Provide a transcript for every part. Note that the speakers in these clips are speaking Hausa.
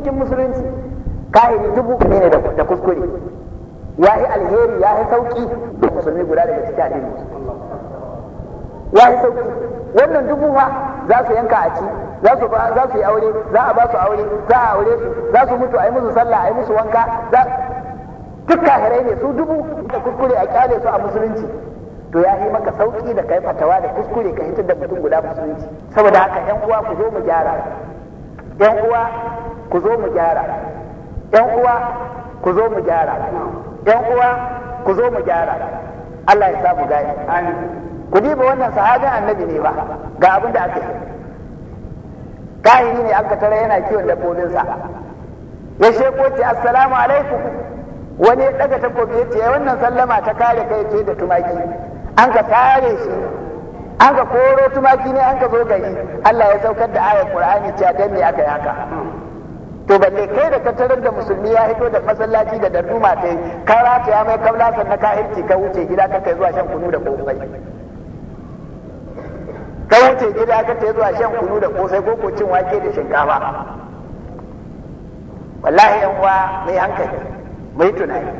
cikin musulunci ka'idi dubu ne da kuskure ya yi alheri ya yi sauki da musulmi guda daga cikin addini ya yi sauki wannan dubu ma za su yanka a ci za su za su yi aure za a ba su aure za a aure su za su mutu a yi musu sallah a yi musu wanka za duk kahirai ne su dubu da kuskure a kyale su a musulunci to ya yi maka sauki da kai fatawa da kuskure ka hitar da mutum guda musulunci saboda haka yan uwa ku zo mu gyara ‘yan uwa ku zo mu gyara, ‘yan uwa ku zo mu gyara, ‘yan uwa ku zo mu gyara, Allah ya sa mu gani. Ku ji ba wannan sahajin annabi ne ba, ga abin da aka yi. Kahiri ne aka tara yana kiwon dabbobinsa. Ya sheko ce, Assalamu alaikum. Wani ya ɗaga takobi ya ce, wannan sallama ta kare kai ce da tumaki. An ka kare shi an ka koro tumaki ne an ka zo gari Allah ya saukar da ayar Qur'ani cewa dan ne aka yaka. to balle kai da ka tarar da musulmi ya hito da masallaci da darduma tai ka rata ya mai kabla sannan ka hirci ka wuce gida ka kai zuwa shan kunu da kosai ka wuce gida ka kai zuwa shan kunu da kosai ko ko cin wake da shinkafa wallahi yan uwa mai hankali mai tunani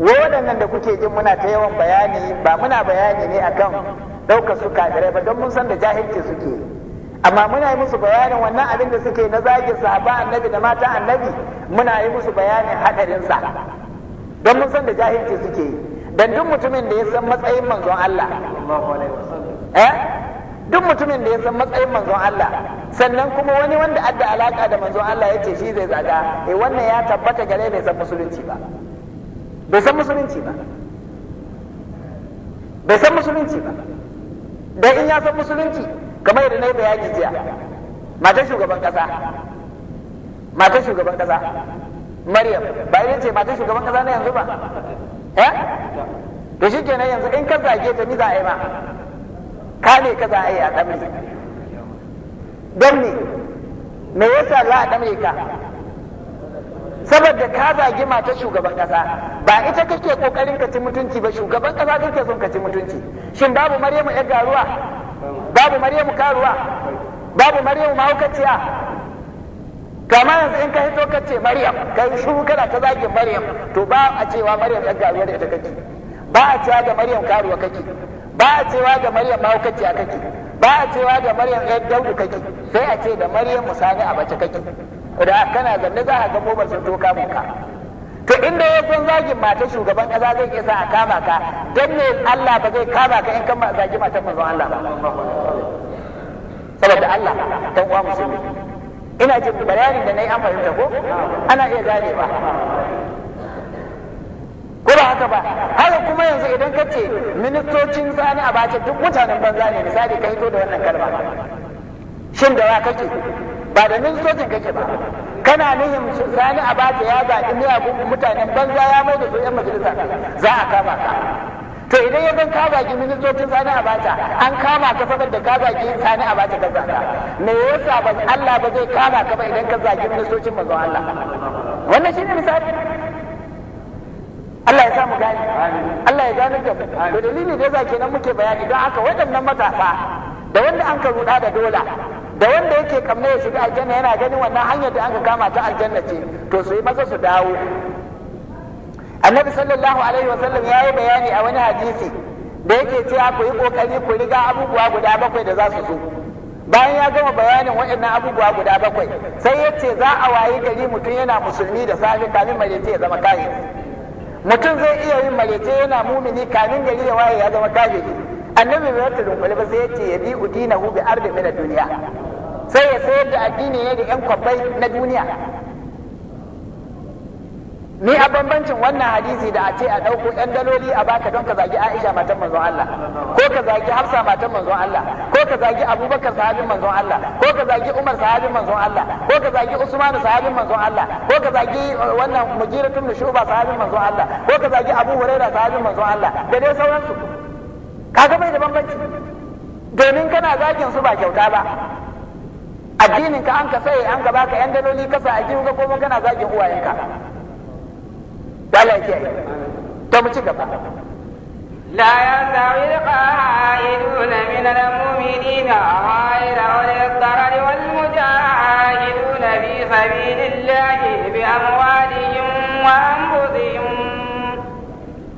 waɗannan da kuke jin muna ta yawan bayani ba muna bayani ne akan ɗaukar su kafirai ba don mun san da jahilci suke amma muna yi musu bayanin wannan abin da suke na zagin sahaba annabi da mata annabi muna yi musu bayanin haɗarinsa don mun san da jahilci suke Dan duk mutumin da ya san matsayin manzon Allah eh? duk mutumin da ya san matsayin manzon Allah sannan kuma wani wanda adda alaka da manzon Allah ya ce shi zai zaga eh wannan ya tabbata gare bai san musulunci ba bai san musulunci ba bai san musulunci ba dan in ya san musulunci kamar yadda na yi bayani jiya Mata shugaban kasa matar shugaban kasa maryam ba irin ce Mata shugaban kasa na yanzu ba eh to shikenan yanzu in ka zage ta ni za a yi ma ka ne ka za a yi a damri don ne me yasa za a damre ka saboda ka zagi mata shugaban kasa ba ita kake kokarin ka ci mutunci ba shugaban kasa kake son ka ci mutunci shin babu maryamu yar garuwa babu maryamu karuwa babu maryamu mahaukaciya kama yanzu in ka hito ka ce maryam ka yi shuru kana ta zagin maryam to ba a cewa maryam yar garuwa da ita kake ba a cewa da maryam karuwa kake ba a cewa da maryam mahaukaciya kake ba a cewa da maryam yar daudu kake sai a ce da maryam musani a bace kake da kana zanne za a ga mobar sun toka kamun ka to inda ya san zagin mata shugaban kaza zai iya sa a kama ka dan ne Allah ba zai kama ka in kan ba zagi matan manzon Allah ba saboda Allah dan uwa musulmi ina jin bayanin da nayi an fahimta ko ana iya gane ba ko ba haka ba haka kuma yanzu idan ka ce ministocin sani a bace duk mutanen banza ne misali ka hito da wannan kalma shin da wa kake ba da nan sojin kake ba kana nihin sani a bata ya zaɓi miyagun mutanen banza ya mai da su yan majalisa za a kama ka to idan ya zan ka ki ministocin sani a bata an kama ka saboda ki yin sani a bata ka zaga me yasa ba Allah ba zai kama ka ba idan ka zagi ministocin manzon Allah wannan shine misali Allah ya sa mu gane Allah ya gane da mu to dalili da yasa kenan muke bayani don haka waɗannan matasa da wanda an ka da dola da wanda yake kamne ya shiga aljanna yana ganin wannan hanyar da aka kama ta aljanna ce to su yi maza su dawo annabi sallallahu alaihi sallam, ya yi bayani a wani hadisi da yake cewa ku yi kokari ku riga abubuwa guda bakwai da za su zo. bayan ya gama bayanin waɗannan abubuwa guda bakwai sai ya ce za a wayi gari mutum yana musulmi da safe kamin marece ya zama kafiri mutum zai iya yin marece yana mumini kamin gari ya waye ya zama kafiri annabi bai wata dunkule ba sai ya ce ya bi udinahu bi ardi min ad-dunya sai ya sayar da addini ne da 'yan kwabbai na duniya ni a bambancin wannan hadisi da a ce a ɗauko 'yan daloli a baka don ka zagi Aisha matan manzon Allah ko ka zagi Hafsa matan manzon Allah ko ka zagi Abubakar sahabin manzon Allah ko ka zagi Umar sahabin manzon Allah ko ka zagi Usman sahabin manzon Allah ko ka zagi uh, wannan Mujiratun Shuba sahabin manzon Allah ko ka zagi Abu Hurairah sahabin manzon Allah da dai sauransu kaga bai da bambanci domin kana zagin su ba kyauta ba addinin ka an ka sai an ka yan daloli kasa a jihu ko kuma kana zagin uwayenka Allah ya to mu ci gaba لا يستوي القائلون من المؤمنين غير أولي الضرر والمجاهدون في سبيل الله بأموالهم وأنفسهم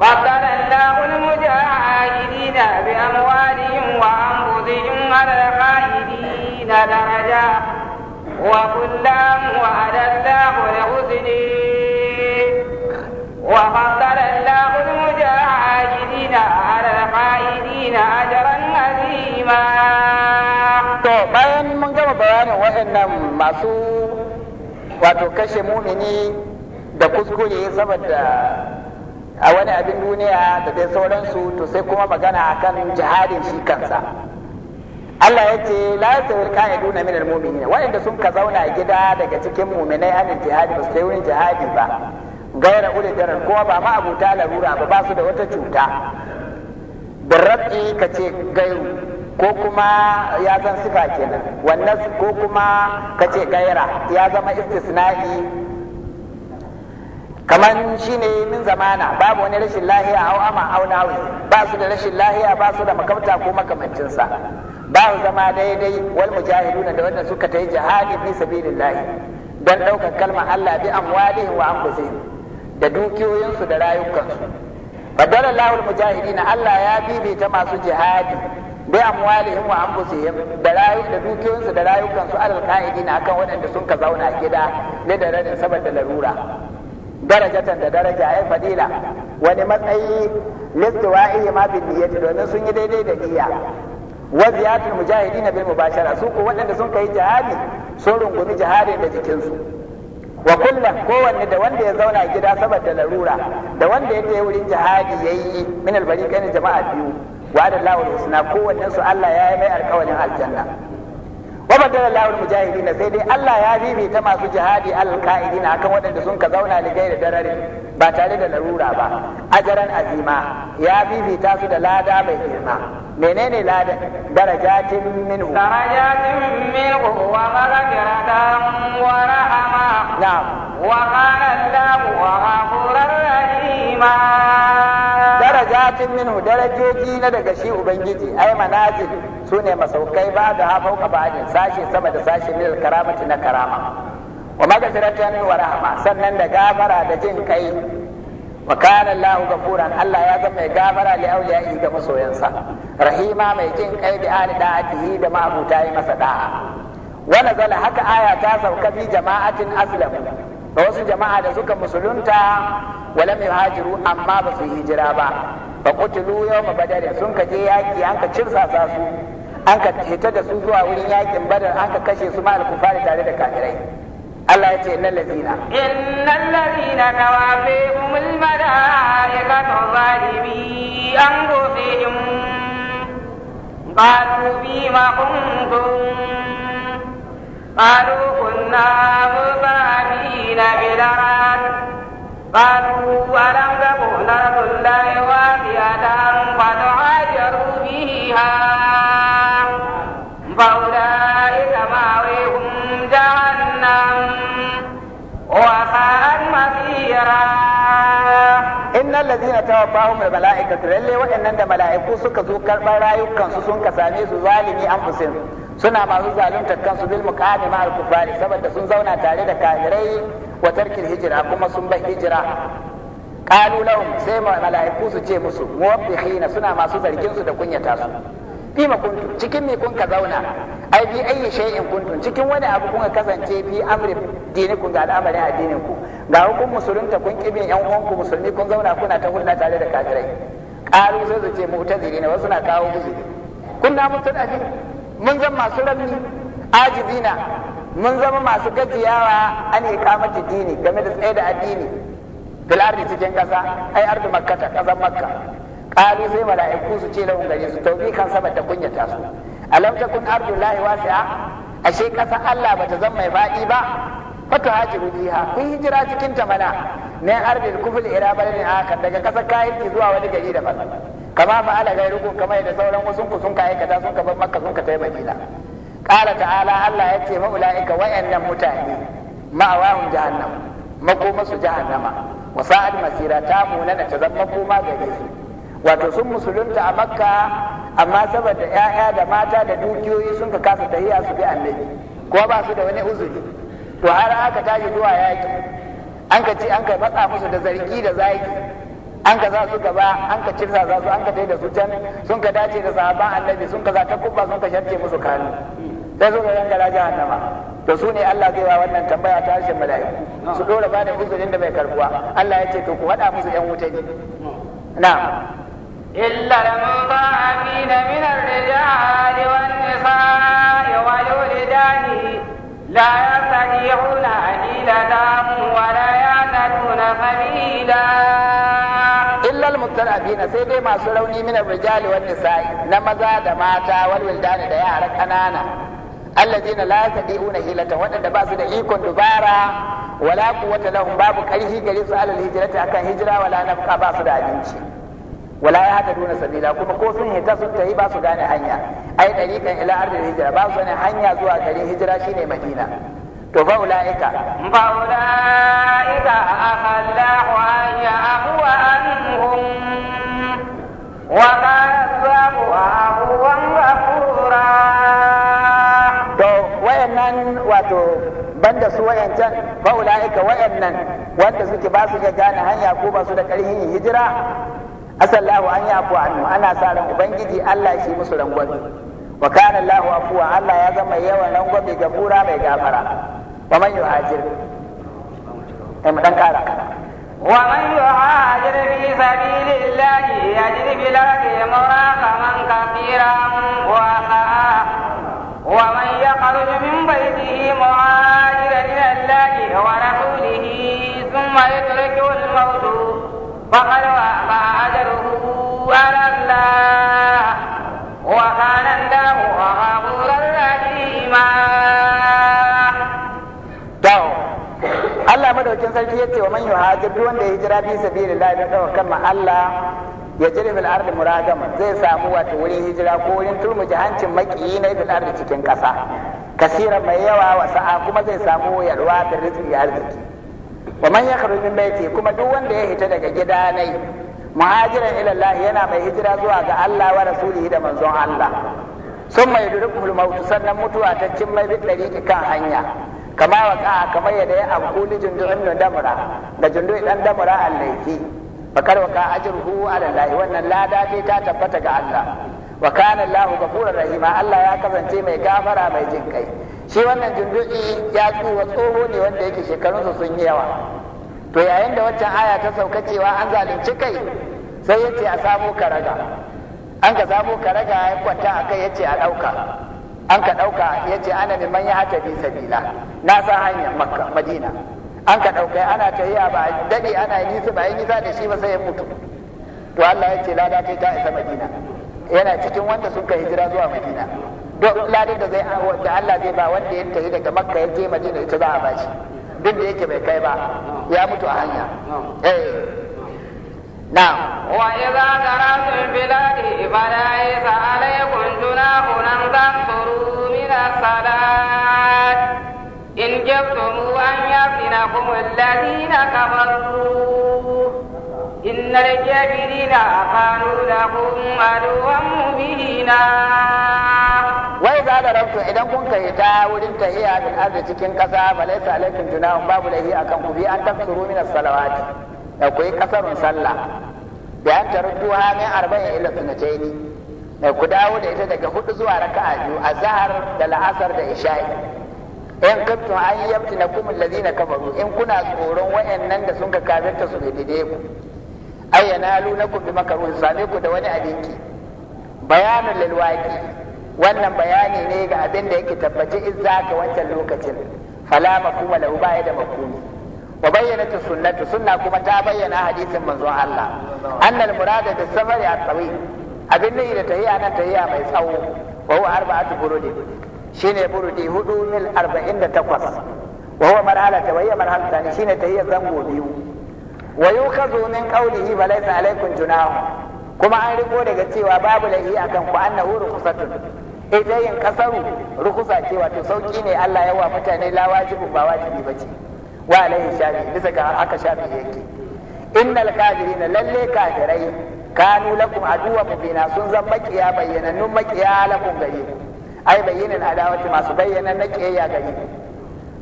فضل الله المجاهدين بأموالهم وأنفسهم على القائلين ستين درجة وكلا وعد الله لحسنه وفضل الله المجاهدين على القائدين أجرا عظيما to bayan mun gama bayanin waɗannan masu wato kashe mumini da kuskure saboda a wani abin duniya da dai sauransu to sai kuma magana akan jihadin shi kansa Allah ya ce la duna qa'iduna minal mu'minin waɗanda sun ka zauna gida daga cikin mu'minai an jihadi ba sai wurin jihadi ba gaira ule darar kuma ba ma abuta larura ba ba su da wata cuta birrabi ka ce gairu ko kuma ya zan sifa kenan wannan ko kuma ka ce gaira ya zama istisna'i kaman shine min zamana babu wani rashin lahiya au au'ama au nawi ba su da rashin lahiya ba su da makabta ko makamancinsa ba zama daidai wal mujahiduna da wanda suka yi jihadi fi sabilillahi dan daukar kalmar Allah bi amwalihim wa anfusihim da dukiyoyinsu da rayukansu fadala lahul mujahidina Allah ya bibita masu jihadi bi amwalihim wa anfusihim da rayu da dukiyoyinsu da rayukansu alal qa'idina akan waɗanda sun ka zauna gida ne da radin saboda larura darajatan da daraja ai fadila wani matsayi listiwa'i ma bin niyyati domin sun yi daidai da niyya wa ziyatul mujahidin bil mubashara su ko waɗanda sun kai jihadi sun rungumi jihadin da jikinsu wa kullum kowanne da wanda ya zauna gida saboda larura da wanda ya je wurin jihadi ya yayi min albarikan jama'a biyu wa da lawal husna Allah ya yi mai alƙawarin aljanna wa badala lahu mujahidin sai dai Allah ya bibita masu jihadi alqa'idin akan waɗanda sun ka zauna da gaira dararin ba tare da larura ba ajaran azima ya bibita su da lada mai girma menene lada darajatin minhu darajatin minhu wa maghfiratan wa rahama na'am wa qala Allahu ghafurur rahima manatin minhu darajoji na daga shi ubangiji ai manazil su ne masaukai ba da hafa ka bani sashe sama da sashe min karamati na karama wa magfiratan wa rahma sannan da gafara da jin kai wa kana Allahu gafuran Allah ya zama mai gafara li auliyai ga masoyansa rahima mai jin kai bi ali da'atihi da ma'abuta yi masa da'a wa nazala haka aya ta sauka bi jama'atin aslamu da wasu jama'a da suka musulunta walam yuhajiru amma ba su hijira ba fa qutilu yawma badar sun ka je yaki an ka cirsasa su an ka hita da su zuwa wurin yakin badar an ka kashe su ma al-kufari tare da kafirai Allah ya ce innal ladina innal ladina tawafihumul malaikatu zalimi anfusihim قالوا فيما كنتم قالوا كنا مبامين بالعران قالوا ولم تكن أرض الله واسعة فتهاجروا فيها فأولئك مأويهم جهنم وساءت مصيرا innal ladina tawaffahum al mala'ikatu lalle waɗannan da mala'iku suka zo karɓar rayukansu sun ka same su zalimi anfusin suna masu zaluntar kansu bil muqami ma al kufari saboda sun zauna tare da kafirai wa tarkil hijira kuma sun bar hijira qalu lahum sai mala'iku su ce musu muwabbikhina suna masu zargin su da kunyata su cikin me kun ka zauna ai bi ayi shay'in kuntum cikin wani abu kun kasance bi amri dinikum ga al'amarin addinin ku ga hukun musulunta kun kibin yan ku musulmi kun zauna kuna ta hulɗa tare da kafirai ƙaru sai su ce mu'tazili ne wasu na kawo uzuri kunna mutadafi mun zama masu ranni ajibina mun zama masu gajiyawa an iqamati dini game da tsaye da addini fil ardi cikin kasa ai ardu makkata kasan makka ƙaru sai mala'iku su ce lahun gare su tawbi kan sabata kunyata su alam takun ardullahi wasi'a ashe kasa Allah bata zama mai faɗi ba fata hajiru biha ku hijira cikin ta mana ne ardil kufl ila baladin akan daga kasar kayanki zuwa wani gari daban kama fa ala gairukum kama da sauran wasu ku sun ka aikata sun ka bar makka sun ka tai madina qala ta'ala Allah yace ma ulaika wa'annan mutane ma'awahum jahannam makoma su jahannama wa sa'al masira ta munana ta zama koma gari su wato sun musulunta a makka amma saboda ‘ya'ya da mata da dukiyoyi sun ka kasa tahiya su bi annabi ko ba su da wani uzuri to har aka tashi zuwa yaƙi an ka ci an ka matsa musu da zargi da zaki an ka za su gaba an ka cin za su an ka da su can sun ka dace da sahabban annabi sun ka za ta kubba sun ka sharce musu kanu sai suka rajin annama to su ne Allah zai wa wannan tambaya ta harshen mala'iku su dora bani uzurin da bai karbuwa Allah ya ce to ku haɗa musu ‘yan wuta ne na'am إلا المطاعمين من الرجال والنساء والولدان لا يستطيعون حيلة ولا يعتدون سبيلا إلا المستضعفين سيدي ما سروني من الرجال والنساء لما زاد ماتا والولدان دا يعرف أنانا الذين لا يستطيعون حيلة وأن باس دا إيكون دبارا ولا قوة لهم باب كريه قريب سؤال الهجرة أكا هجرة ولا نبقى باس دا أبنشي wala ya hada duna sabila kuma ko sun hita sun tayi ba su gane hanya ai dariqan ila ardil hijra ba su gane hanya zuwa garin hijira shine madina to fa ulaika fa ulaika ahallahu an ya'fu anhum wa kazabu ahwan ghafura to wayannan wato banda su wayancan fa ulaika wayannan wanda suke ba su gane hanya ko ba su da karhin hijira "Lahu" an yafu anhu ana sa ran ubangiji Allah shi musu rangwame wa kana Allahu afuwa Allah ya zama yawan rangwame ga bura mai gafara wa man yuhajir eh mu dan kara wa man yuhajir fi sabilillahi yajid bi laki muraqaman kathiran wa sa'a wa man yakhruj min baytihi muhajiran ila Allah wa rasulihi thumma yudrikuhu al-maut فقد وكان الله غفورا رحيما Allah madaukin sarki yace wa man yuhajir duk wanda ya hijira bi sabilillah don kan ma Allah ya jira bil ardi muragama zai samu wato wurin hijira ko wurin turmu hancin makiyi na bil ardi cikin kasa kasira mai yawa wa sa'a kuma zai samu yalwa da rizqi arziki wa man yakhruj min kuma duk wanda ya hita daga gida nai muhajiran ila yana mai hijira zuwa ga Allah wa rasulihi da manzon Allah sun mai durukul mautu sannan mutuwa ta cin mai bi kan hanya kama waka kamar yadda ya abu li jundu'in damra da jundu'in dan damra al-laifi fakar waka ajruhu ala Allah wannan lada ce ta tabbata ga Allah wa kana Allahu ghafurur rahima Allah ya kasance mai gafara mai jin kai shi wannan jundu'i ya tsuwa tsoho ne wanda yake shekarunsa sun yi yawa to yayin da waccan aya ta sauka cewa an zalunci kai sai yace a samu karaga an ka samu karaga ya kwanta a kai yace a ɗauka an ka ɗauka yace ana man ya hata bi sabila na sa hanyar makka madina an ka dauka ana tahiya ba dade ana yi nisa ba yi nisa da shi ba sai ya mutu to Allah ya ce lada kai ta isa madina yana cikin wanda suka hijira zuwa madina don lade da zai wanda Allah zai ba wanda ya tafi daga makka ya je madina ita za a ba shi duk da yake bai kai ba ya mutu a hanya eh na wa idza qara'tu biladi ibada isa alaykum tunahun an tanzuru min as in jabtum an yafina kum alladhina kafaru Ina da ke bi ina akanunan Wai za da rabtu idan kun kayi ta wurin ta hira har da cikin ƙasa ba laisa a laifin tunawar babu laifi a kan kuɓi an tafsi rumen da salawatu. Da ku yi ƙasar sallah. Bayan ta riƙu haɗa min arba'in a illar sanadaini, mai ku dawo da ita daga hudu zuwa raka'a biyu a zahar da la'asar da ishaya. Yan kattu an yi yaftina kuma lalle in kuna na tsoron waɗannan da sun ka kafinta su da dama. ay yanalunakum bi makarun same ku da wani abinki Bayanin lalwaki wannan bayani ne ga abin da yake tabbaci in za ka wancan lokacin fala makuma lahu baya da makumi wa bayyanatu sunnatu sunna kuma ta bayyana hadisin manzon Allah annal murada bis safari at-tawil abin ne da tahiya nan tahiya mai tsawo wa huwa arba'atu burudi shine burudi hudu mil 48 wa huwa marhala ta marhala ta shine tahiya zango biyu wa yukhadhu min qawlihi balaysa alaykum junahun kuma an riko daga cewa babu lahi akan ku annahu rukhsatun idan yin kasaru rukusa ce wato sauki ne Allah ya wa mutane la wajibu ba wajibi bace wa alaihi shafi bisa ga aka shafi yake innal kafirin lalle kafirai kanu lakum aduwa mubina sun zan makiya bayyanannun makiya lakum gare ku ai bayyanan adawati masu bayyana na kiyayya gare ku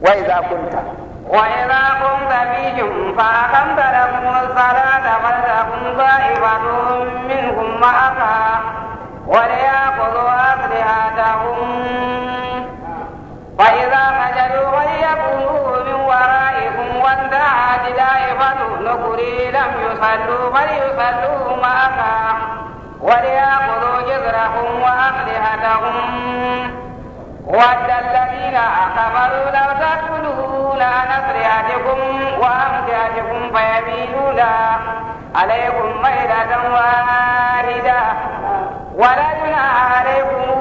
wa idza kunta وإذا قمت فيهم فأقمت لهم الصلاة فلتكن طائفة منهم معك وليأخذوا أسلحتهم فإذا سجدوا فليكونوا من ورائكم وانتهت دائفة نكري لم يصلوا فليصلوا معك وليأخذوا جذرهم وأسلحتهم ود الذين كفروا لو تأكلون عن أسرعتكم وأمتعتكم فيميلون عليكم ميلة واردة ولا جناح عليكم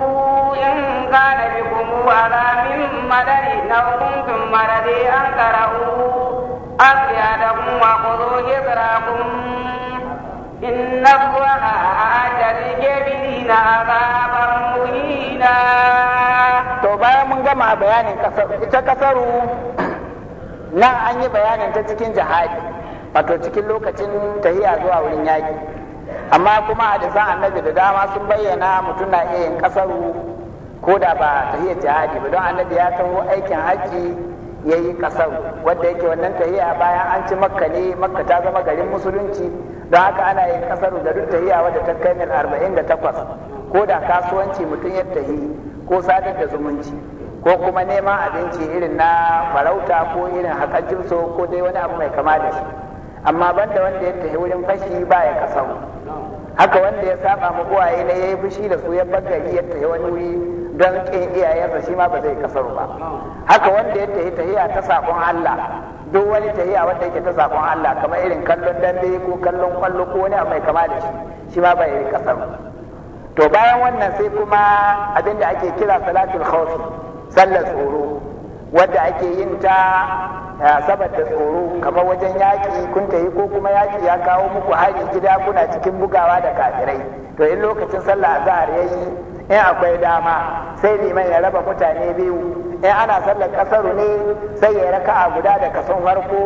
إن كان بكم على من مدر لو كنتم مرضي أن تروا أسرعتكم وخذوا جبراكم إن الله أعد للكافرين عذابا مهينا to bayan mun gama bayanin ita kasaru nan an yi bayanin ta cikin jihadi wato cikin lokacin tahiya zuwa wurin yaƙi amma kuma a hadisan annabi da dama sun bayyana mutum na iya yin kasaru ko da ba tahiyar jihadi ba don annabi ya taho aikin haji ya yi kasaru wadda yake wannan tahiya bayan an ci makka ne makka ta zama garin musulunci don haka ana yin kasaru da duk tahiya wadda ta kai mil arba'in da takwas ko da kasuwanci mutum ya tahi ko sadar da zumunci ko kuma neman abinci irin na farauta ko irin haƙar ko dai wani abu mai kama da shi amma banda wanda ya tafi wurin fashi ba ya kasau haka wanda ya saba ma uwaye na yayi fushi da su ya bagari ya tafi wani wuri don kin iyayensa shi ma ba zai kasar ba haka wanda ya tafi tahiya ta sakon Allah duk wani tahiya wanda yake ta sakon Allah kamar irin kallon dambe ko kallon kwallo ko wani abu mai kama da shi shi ma ba ya kasar ba to bayan wannan sai kuma abin da ake kira salatul khawfi sallar tsoro wadda ake yin ta da tsoro kamar wajen yaƙi kun tayi ko kuma yaƙi ya kawo muku hari gida kuna cikin bugawa da kafirai to in lokacin sallah azhar yayi in akwai dama sai liman ya raba mutane biyu in ana sallar kasaru ne sai ya raka'a guda da kason farko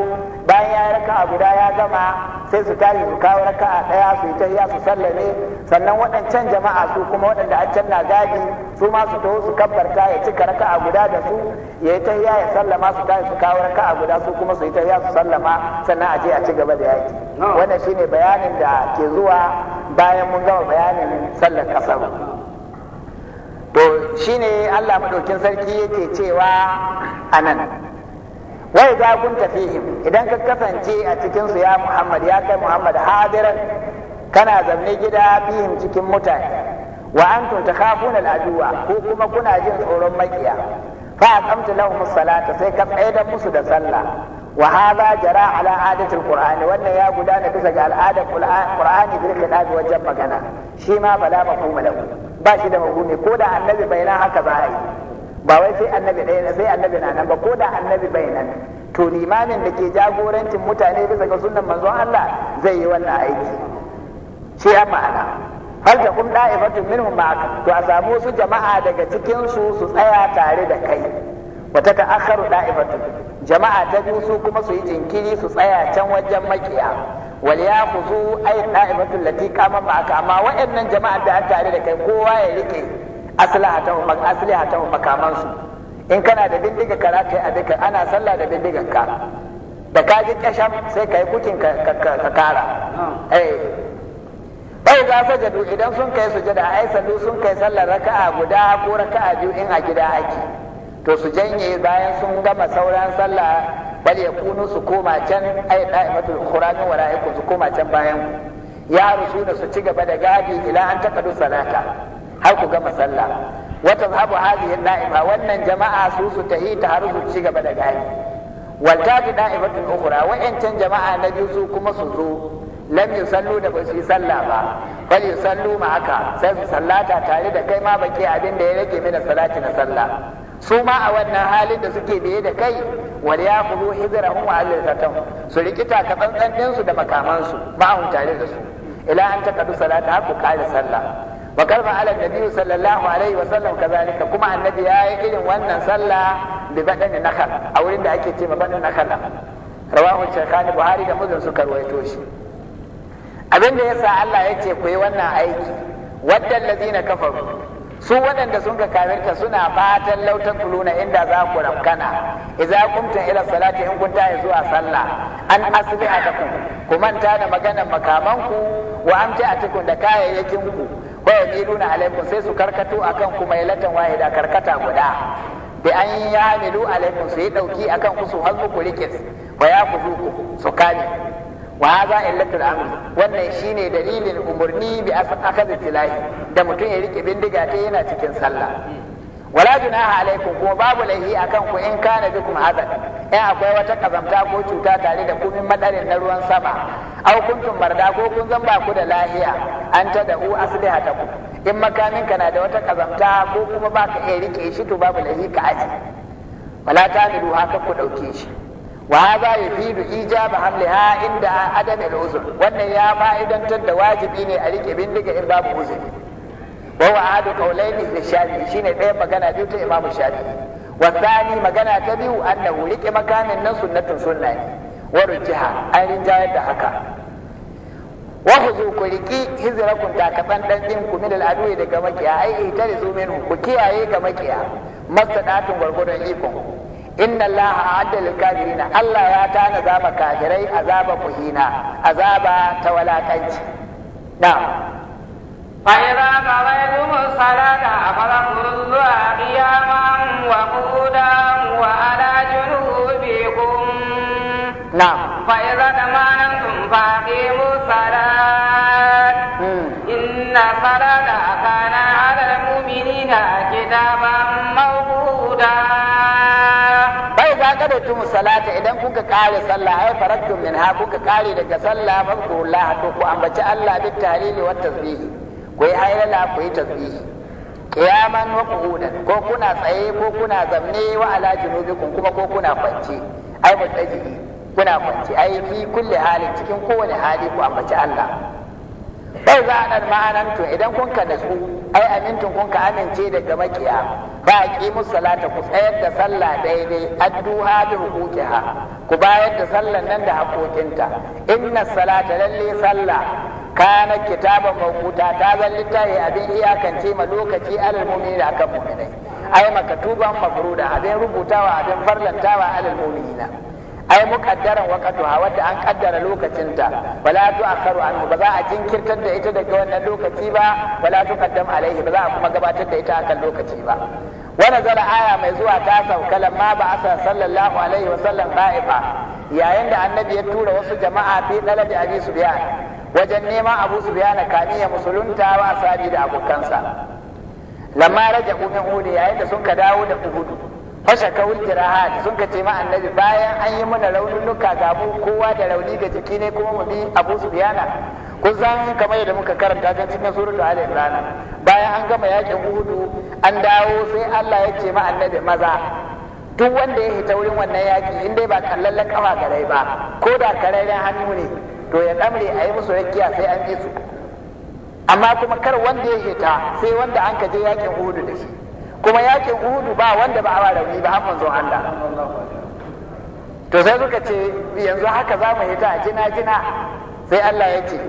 bayan ya raka'a guda ya gama sai su tashi su kawo a daya su yi ta su sallame sannan waɗancan jama'a su kuma waɗanda a can na gadi su ma su taho su kabbarta ya cika raka'a guda da su ya yi tahiya ya sallama su tashi su kawo a guda su kuma su yi ta tahiya su sallama sannan a je a ci gaba da yaki wannan shine bayanin da ke zuwa bayan mun gama bayanin sallar kasaru to shine Allah madaukin sarki yake cewa anan wai za kun tafihim idan ka kasance a cikin su ya Muhammad ya kai Muhammad hadiran kana zaune gida fihim cikin mutane wa antum takhafuna aduwa ko kuma kuna jin tsoron makiya fa aqamtu lahum salata sai ka da musu da sallah wa jara ala adati al-qur'ani wannan ya gudana bisa ga al'adar qur'ani bil khitabi wajen magana shi ma bala mafhuma lahu ba shi da hukumi ko da annabi bai nan haka za a yi ba wai sai annabi ɗaya na sai annabi na nan ba ko da annabi bai nan to limamin da ke jagorancin mutane bisa ga sunan manzon Allah zai yi wannan aiki shi ya ma'ana har da kun da'ifatu minhum ma'aka to a samu wasu jama'a daga cikin su su tsaya tare da kai wata ta ta'akharu da'ifatu jama'a ta biyu su kuma su yi jinkiri su tsaya can wajen makiya wal yakhudhu ay qa'imatul lati qama ma'aka amma wa'annan jama'ar da an tare da kai kowa ya rike aslihatahu aslihatahu makaman su in kana da bindiga karata a duka ana sallah da bindigar ka da ka ji kasham sai kai kukin ka kara eh bai za su jadu idan sun kai sujada ai sallu sun kai sallar raka'a guda ko raka'a biyu in a gida ake to su janye bayan sun gama sauran sallah bal ya kunu su koma can ay qa'imatul ukhra wa wara'ikum su koma can bayan ya da su ci gaba da gadi ila an taqadu salata har ku gama sallah wa tazhabu hadhihi na'ima wannan jama'a su su tahi ta har su ci gaba da gadi wal taqi na'imatul ukhra wa'ancan jama'a na biyu su kuma su zo lam yusallu da ba su yi sallah ba bal yusallu ma'aka sai su sallata tare da kai ma baki abin da ya rage mina salati na sallah su ma a wannan halin da suke biye da kai wal yakhudhu hidrahum wa allatahum su rikita ka tsantsan su da makamansu ba hun tare da su ila an taqadu salata ku qala sallah wa kalba ala nabi sallallahu alaihi wa sallam kazalika kuma annabi yayi irin wannan sallah bi badani nakal a wurin da ake ce ma badani nakal rawahu shaykhani buhari da muslim suka rawaito shi abin da yasa Allah ya ce ku yi wannan aiki wadda allazina kafaru su waɗanda sun ga kafirta suna fatan lautan kuluna inda za ku ramkana idza kumta ila salati in kun tayi zuwa sallah an asbihatakum ku manta da maganar makamanku wa tukun da kayayyakin ku wa nuna alaikum sai su karkato akan ku mailatan wahida karkata guda bi an yamilu alaikum su yi dauki akan ku su hazu ku rikis wa yafuzuku su kame wa za a illatar amr wannan shi ne dalilin umarni bi aka silahi da mutum ya rike bindiga ta yana cikin sallah wala juna ha alaikum kuma babu laihi akan ku in kana bikum hadan in akwai wata kazamta ko cuta tare da kumin madarin na ruwan sama au kuntum barda ko kun zan ba ku da lahiya an ta da u in makamin na da wata kazamta ko kuma baka iya rike shi to babu laihi ka aji wala ta haka ku ɗauke shi wa hadha yufidu ijab hamliha inda adam al-uzr wannan ya fa'idantar da wajibi ne a rike bindiga in babu uzuri wa wa hadu qawlaini li shine ɗaya magana biyu ta imamu shafi'i wa thani magana ta biyu annahu rike makamin nan sunnatun sunna ne wa rujiha an rinjayar da haka wa huzu ku riki hijrakun takatsan dan din ku min al-adwi daga makiya ai ita da ku kiyaye ga makiya masadatun gwargwadon ikon inna allaha a'adda lil Allah ya tana zaba kafirai azaba kuhina azaba ta walakanci na'am fa idza a salata afala qurdu wa qudam wa ala junubikum na'am fa idza tamanantum fa aqimus salat hmm. inna salata kana ala al-mu'minina kitaban mawquda qadaytum salata idan kuka kare sallah ay faradtum minha kuka kare daga sallah fadhkurullah to ku ambaci Allah bit tahlili wat tasbih ku yi haylala ku yi tasbih qiyaman wa qu'udan ko kuna tsaye ko kuna zamne wa ala junubikum kuma ko kuna kwance ai mutaji kuna kwance ai fi kulli halin cikin kowane hali ku ambaci Allah bai za a ma'anantu idan kun ka nasu ai amintun kun ka amince daga makiya ba a musu salata ku tsayar da sallah daidai addu'a bi huquqiha ku bayar da sallan nan da haƙoƙinta inna salata lalle sallah kana kitaban mawquta ta zan littafi abin iyakance ma lokaci alal mu'minina akan mu'minai ai makatuban mafruda abin rubutawa abin farlantawa alal mu'minina ai muqaddaran waqtuha wata an kaddara lokacinta wala akharu anhu ba za a jinkirtar da ita daga wannan lokaci ba wala qaddam alaihi ba za a kuma gabatar da ita akan lokaci ba wani zala aya mai zuwa ta sauka lamma ba asa sallallahu alaihi wasallam ba'ifa yayin da annabi ya tura wasu jama'a fi dalali abi subyan wajen neman abu sufyan kaniya musulunta wa asabi da abokansa lamma raja umin yayin da sun ka dawo da uhudu fasha kawul sun ka ce ma annabi bayan an yi mana raunuka ga mu kowa da rauni ga jiki ne kuma mu bi abu su biyana kun san kamar yadda muka karanta kan cikin suratul ali imran bayan an gama yakin uhudu an dawo sai Allah ya ce ma annabi maza duk wanda ya hita wurin wannan yaki in dai ba kallallan kafa garai ba ko da kararren hannu ne to ya damre a yi musu rakiya sai an yi su amma kuma kar wanda ya hita sai wanda an kaje yakin uhudu da shi kuma yakin Hudu ba wanda ba a rauni ba hafin zo Allah to sai suka ce yanzu haka za mu hita a jina jina sai Allah ya ce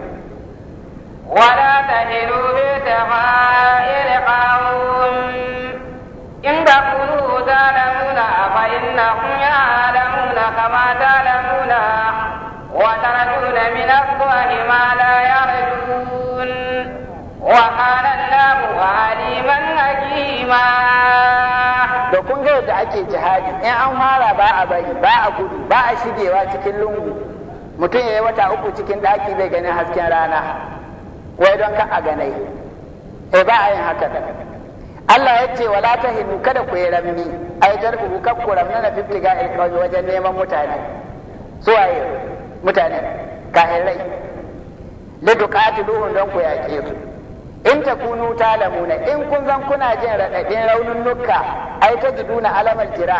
wala tahiru bi tafa'il qawm in ba kunu zalamuna fa innakum ya'lamuna kama zalamuna wa tarakuna min afwahi ma yara yarjuna وكان الله عليما حكيما da kun ga yadda ake jihadi in an fara ba a bari ba a gudu ba a shigewa cikin lungu mutum ya yi wata uku cikin ɗaki bai ganin hasken rana wai don ka a ganai eh ba a yin haka da. Allah ya ce wala ta hinu kada ku yi ramni ai jarbu kan ku ramna na ga ilkawai wajen neman mutane su waye mutane kahirai lidu qatiluhum don ku yaƙe su in ta kunu talamuna in kun zan kuna jin raɗaɗin raunin nuka ai ta jiduna alamar jira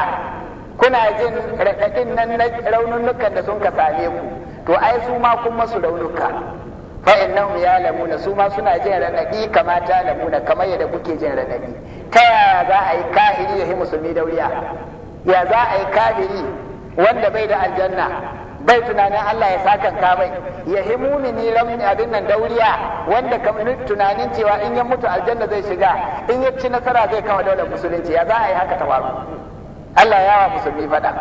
kuna jin raɗaɗin nan na raunin nukan da sun ka same ku to ai su ma kun masu raunuka fa innahum yalamuna su ma suna jin raɗaɗi kama talamuna kamar yadda kuke jin raɗaɗi ta yaya za a yi kahiri ya yi musulmi dauriya ya za a yi kahiri wanda bai da aljanna bai tunanin Allah ya sakan ka mai ya himu ni ramin abin nan dauriya wanda kamar tunanin cewa in ya mutu aljanna zai shiga in ya ci nasara zai kama daular musulunci ya za a yi haka ta faru Allah ya wa musulmi faɗa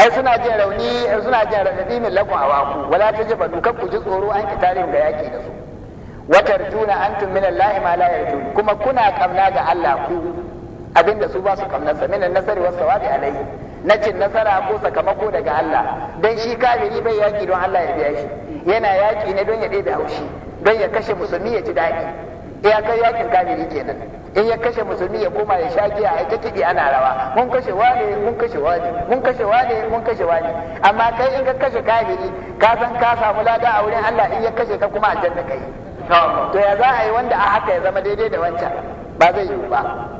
ai suna jin rauni suna jin radadi min lakun awaku wala ta jaba dukan ku ji tsoro an ki ga yaki da su wa tarjuna antum min Allah ma la yarjun kuma kuna kamna ga Allah ku abinda su ba su sa, minan nasari was sawabi alaihi na cin nasara ko sakamako daga Allah dan shi kafiri bai yaki don Allah ya biya shi yana yaki ne don ya ɗebe haushi don ya kashe musulmi ya ci daɗi ya kai yakin kafiri kenan in ya kashe musulmi ya koma ya shaki a ta kiɗi ana rawa mun kashe wane mun kashe wane mun kashe wane mun kashe wane amma kai in ka kashe kafiri ka san ka samu lada a wurin Allah in ya kashe ka kuma aljanna kai to ya za a yi wanda a haka ya zama daidai da wancan ba zai yiwu ba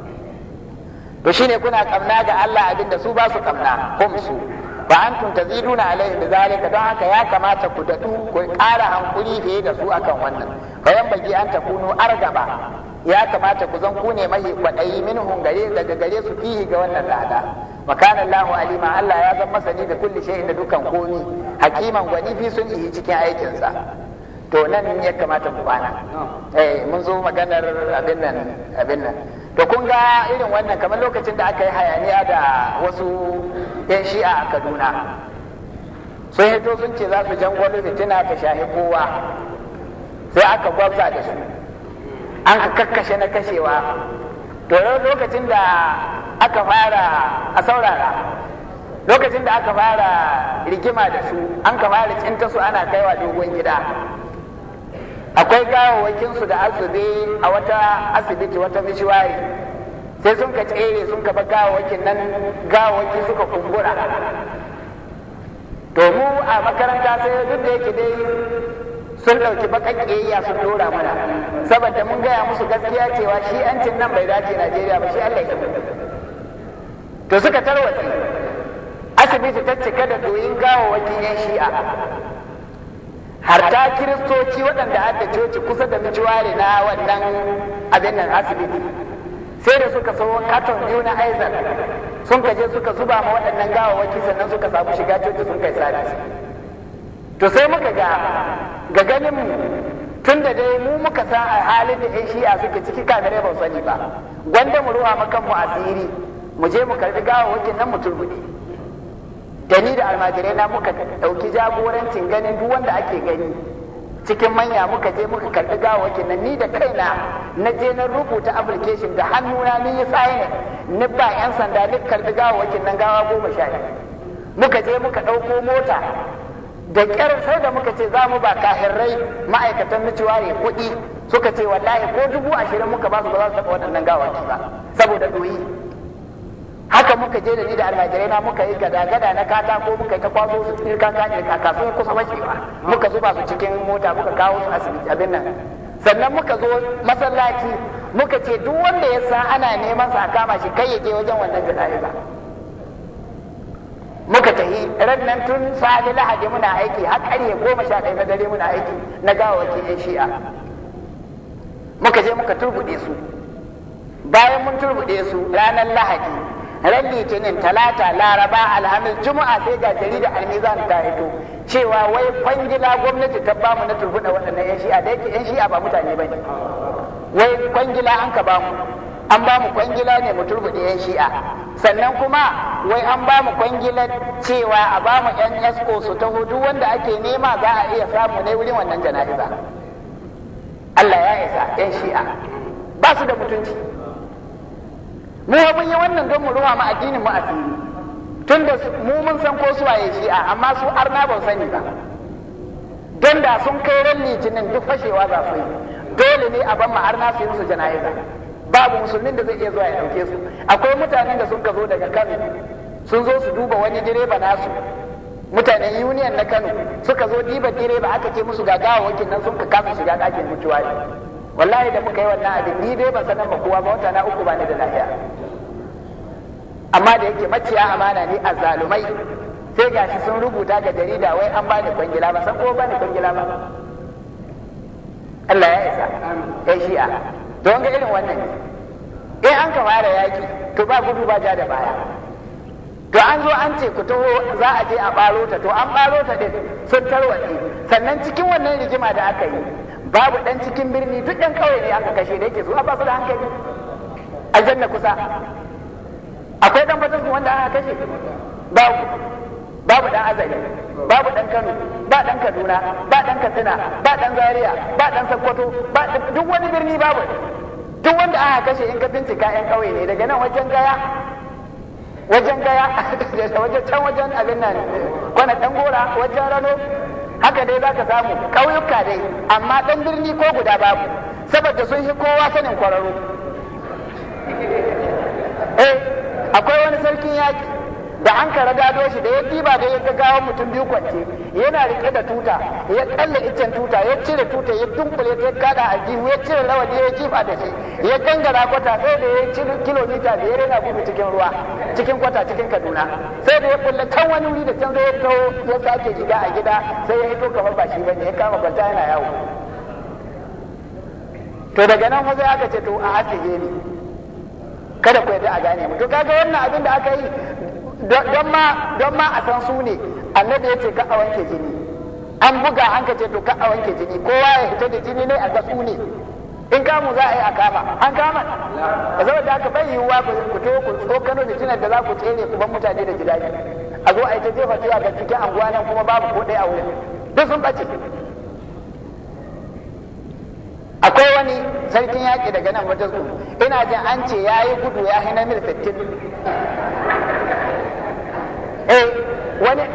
to shine kuna kamna ga Allah abinda su ba su kamna hum su ba tun taziduna alaihi bi zalika don haka ya kamata ku dadu ku ƙara hankuri fiye da su akan wannan bayan yan bagi an takunu argaba ya kamata ku zan ku ne mai kwadai minhum gare daga gare su fihi ga wannan rada makana Allahu alima Allah ya zan masani da kulli shay'in da dukan komi hakiman gwani fi sun ihi cikin aikinsa to nan ya kamata mu kwana eh mun zo maganar abin nan abin nan to kun ga irin wannan kamar lokacin da aka yi hayaniya da wasu yan shi'a a Kaduna sun hito sun ce za su jangwalo fitina ta shahi kowa sai aka gwabza da su an ka kakkashe na kashewa to lokacin da aka fara a saurara lokacin da aka fara rigima da su an ka fara cinta su ana kaiwa dogon gida akwai gawawakinsu da azubi a wata asibiti wata mishiwari sai sun ka tsere sun ka ba gawawakin nan gawawakin suka kumbura to mu a makaranta sai duk da yake dai sun ɗauki bakan ƙiyayya sun dora mana saboda mun gaya musu gaskiya cewa shi yancin nan bai dace najeriya ba shi allah ya to suka tarwatsi asibiti ta cika da doyin gawawakin yan shi'a ta kiristoci waɗanda aka coci kusa da mijiware na wannan abin nan asibiti sai da suka sawo katon biyu na aizan sun kaje suka zuba ma waɗannan gawawaki sannan suka samu shiga coci sun kai sabis to sai muka ga ga ganin tun da dai mu muka san a halin da 'yan shi'a suke ciki kamirai ban sani ba gwanda mu ruwa makan mu asiri mu je mu karbi gawawakin nan mu turbuɗe da ni da almajirai na muka ɗauki jagorancin ganin duk wanda ake gani cikin manya muka je muka karɓi gawakin nan ni da kaina na je na rubuta application da hannuna ni yi tsaye ni ba 'yan sanda ni karɓi ke nan gawa goma sha muka je muka ɗauko mota da ƙyar sai da muka ce za mu ba kahirrai ma'aikatan mutuware kuɗi suka ce wallahi ko dubu ashirin muka ba su ba za su taɓa waɗannan gawa ba saboda ɗoyi haka muka je da ni da almajirai na muka yi gada-gada na katako muka yi ta kwaso su tsirkan kaje kasuwar kusa ba muka zuba su cikin mota muka kawo su asibiti abin nan sannan muka zo masallaci muka ce duk wanda ya san ana neman sa a kama shi kai ya je wajen wannan jana'iza muka tahi rannan tun safe lahadi muna aiki har ƙarye goma sha ɗaya na dare muna aiki na gawawaki yan shi'a muka je muka turbuɗe su bayan mun turbuɗe su ranar lahadi ran litinin talata laraba alhamis juma'a sai ga jarida almizan ta hito cewa wai kwangila gwamnati ta bamu na turbuna waɗannan yan shi'a da yake yan shi'a ba mutane ba ne wai kwangila an ka bamu an bamu kwangila ne mu turbuɗe yan shi'a sannan kuma wai an bamu kwangila cewa a bamu yan yasko su taho duk wanda ake nema za a iya samu ne wurin wannan jana'iza Allah ya isa yan shi'a ba su da mutunci mu mun yi wannan don mu ruwa ma addinin mu asiri tun da mu mun san ko suwaye shi'a amma su arna ban sani ba don da sun kai ran litinin duk fashewa za su yi dole ne a ban ma arna su yi musu jana'iza babu musulmin da zai iya zuwa ya ɗauke su akwai mutanen da sun ka zo daga kano sun zo su duba wani direba nasu mutanen union na kano suka zo diba direba aka ce musu ga wakin nan sun ka kasa shiga dakin mutuwa wallahi da muka yi wannan abin ni dai ban sanar ba kowa ba wata na uku ba ni da lafiya amma da yake maciya amana ne a zalumai sai gashi sun rubuta ga jarida wai an bani kwangila ba san ko bani kwangila ba Allah ya isa ya shi'a don ga irin wannan in an ka fara yaki to ba gudu ba ja da baya to an zo an ce ku taho za a je a baro ta to an baro ta din sun tarwatse sannan cikin wannan rigima da aka yi babu dan cikin birni duk ɗan kauye ne aka kashe da yake zuwa ba su da hankali aljanna kusa akwai dan fatan wanda aka kashe babu babu dan azali babu dan Kano ba dan Kaduna ba dan Katsina ba dan Zaria ba dan Sokoto ba duk wani birni babu duk wanda aka kashe in ka bincika yan kauye ne daga nan wajen gaya wajen gaya wajen can wajen abin nan kwana ɗan gora wajen rano haka dai za ka samu ƙauyuka dai amma ɗan birni ko guda babu saboda sun yi kowa sanin kwararru eh akwai wani sarkin yaƙi da an kara gado shi da ya diba da ya gaggawa mutum biyu kwance yana rike da tuta ya kalle iccen tuta ya cire tuta ya dunkule ta kada a jihu ya cire rawani ya jifa da shi ya gangara kwata sai da ya cire kilomita da ya rena gudu cikin ruwa cikin kwata cikin kaduna sai da ya kulle kan wani wuri da can zai ya taho ya sake gida a gida sai ya hito kamar ba shi bane ya kama kwanta yana yawo to daga nan wajen aka ce to a asige ni kada ku yadda a gane mu to kaga wannan abin da aka yi don ma don ma a san su ne annabi ya ce ka a wanke jini an buga hanka ce to ka a wanke jini kowa ya fita da jini ne a ga su ne in kamu za a yi a kama an kama a zama da aka bai yiwuwa ku to ku tsokano da jinar da za ku tsere ku ban mutane da gidaje a zo a yi ta jefa tuya ga cikin anguwa nan kuma babu ko ɗaya a wurin duk sun ɓace akwai wani sarkin yaƙi daga nan wajen su ina jin an ce ya yi gudu ya hina mil Eh, eh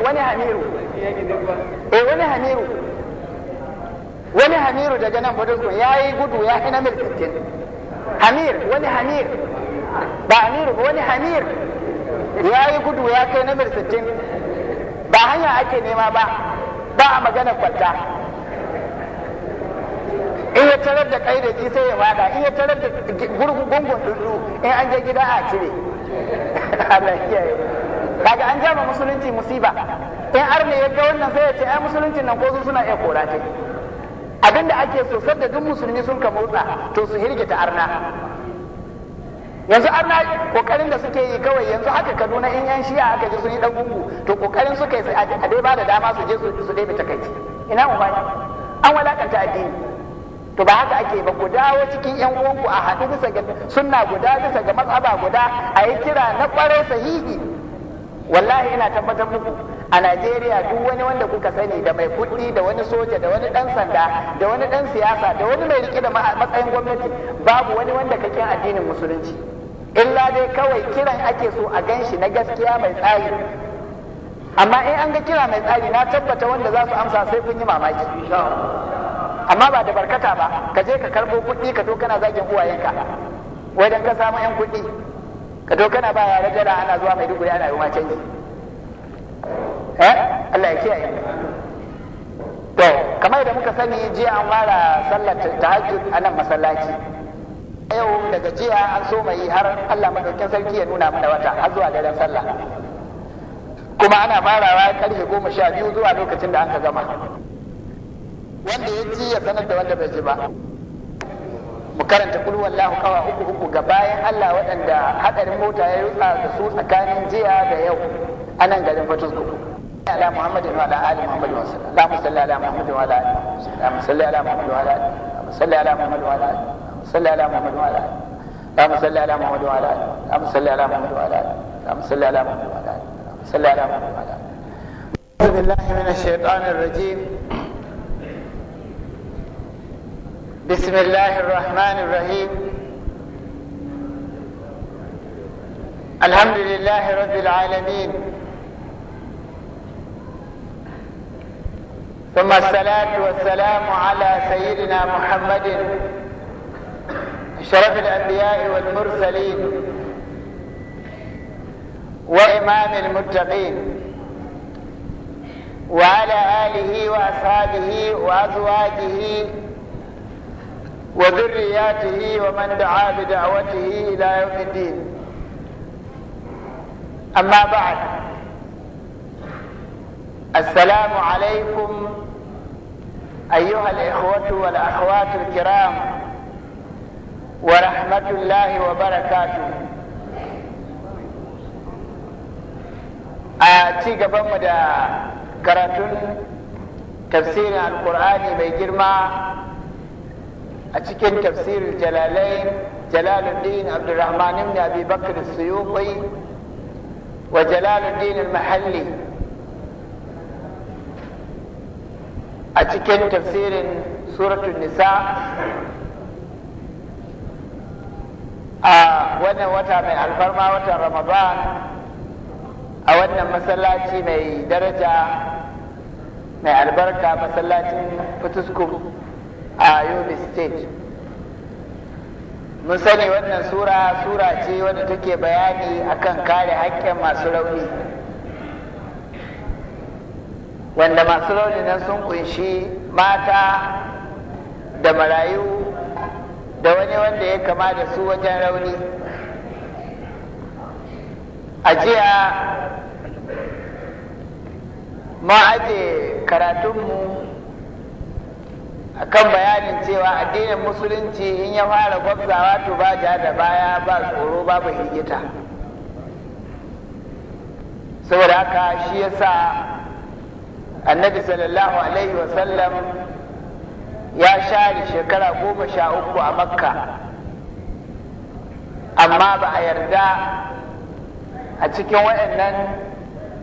wani hamiru wani hamiru daga nan Badurkun ya yi gudu ya fi na mil hamir wani hamir ba hamiru ba wani hamir ya yi gudu ya kai na mil ba hanya ake nema ba ba a magana kwanta in ya tarar da kai da sai ya fada in ya tarar da gurgungun gungun dundu in an je gida a cire Allah kiyaye kaga an jama musulunci musiba in arne ya ga wannan sai ya ce ai musuluncin nan ko su suna iya kora ce abinda ake so da duk musulmi sun ka motsa to su hirgita arna yanzu arna kokarin da suke yi kawai yanzu haka kaduna in yan shi'a aka ji sun yi dan gungu to kokarin suka yi a dai ba da dama su je su dai bita kai ina mu bani an walakanta addini to ba haka ake ba ku dawo cikin yan uwanku a haɗu bisa ga sunna guda bisa ga mazhaba guda a yi kira na kwarai sahihi wallahi ina tabbatar muku a Najeriya duk wani wanda kuka sani da mai kuɗi da wani soja da wani ɗan sanda da wani ɗan siyasa da wani mai rike da matsayin gwamnati babu wani wanda ka kin addinin musulunci illa dai kawai kiran ake so a ganshi na gaskiya mai tsari amma in an ga kira mai tsari na tabbata wanda za su amsa sai kun yi mamaki amma ba da barkata ba ka je ka karɓo kuɗi ka to kana zagin uwayenka wai dan ka samu 'yan kuɗi ka to kana ba yare dala ana zuwa mai duguri ana yi ma canji eh Allah ya kiyaye to kamar da muka sani jiya an fara sallar tahajjud a nan masallaci yau daga jiya an so mai har Allah madaukakin sarki ya nuna mana wata har zuwa daren sallah kuma ana farawa karfe goma sha biyu zuwa lokacin da aka gama wanda ya ji ya sanar da wanda bai ji ba mu karanta kul wallahu kawa uku uku ga bayan Allah waɗanda hadarin mota ya rutsa da su tsakanin jiya da yau anan nan garin Fatusko ala Muhammad wa ala ali Muhammad wa sallam Allahumma ala Muhammad wa ala ali Allahumma salli ala Muhammad wa ala ali Allahumma ala Muhammad wa ala ali Allahumma salli ala Muhammad wa ala ali اللهم صل على محمد وعلى اله اللهم صل على محمد وعلى اله اللهم صل على محمد وعلى اله اللهم صل على محمد وعلى اله أعوذ بالله من الشيطان الرجيم بسم الله الرحمن الرحيم الحمد لله رب العالمين ثم الصلاة والسلام على سيدنا محمد شرف الأنبياء والمرسلين وإمام المتقين وعلى آله وأصحابه وأزواجه وذرياته ومن دعا بدعوته إلى يوم الدين أما بعد السلام عليكم أيها الإخوة والأخوات الكرام ورحمة الله وبركاته أتي قبل gabanmu da تفسير القرآن alkur'ani a cikin tafsirin jalalain jalaluddin abdurrahman ibn abi bakr suyuqi wa jalaluddin al-mahalli a cikin tafsirin suratul nisa a wannan wata mai alfarma watan ramadan a wannan masallaci mai daraja mai albarka masallacin fituskum a yobe state mun sani wannan sura sura ce wadda take bayani akan kare haƙƙin masu rauni wanda masu rauni nan sun kunshi mata da marayu da wani wanda ya kama da su wajen rauni a jiya ma aje karatunmu akan bayanin cewa addinin musulunci in ya fara gwabzawa to ba ja da baya ba tsoro babu hirgita saboda haka shi ya sa annabi sallallahu alaihi wasallam ya share shekara goma sha uku a makka amma ba a yarda a cikin waɗannan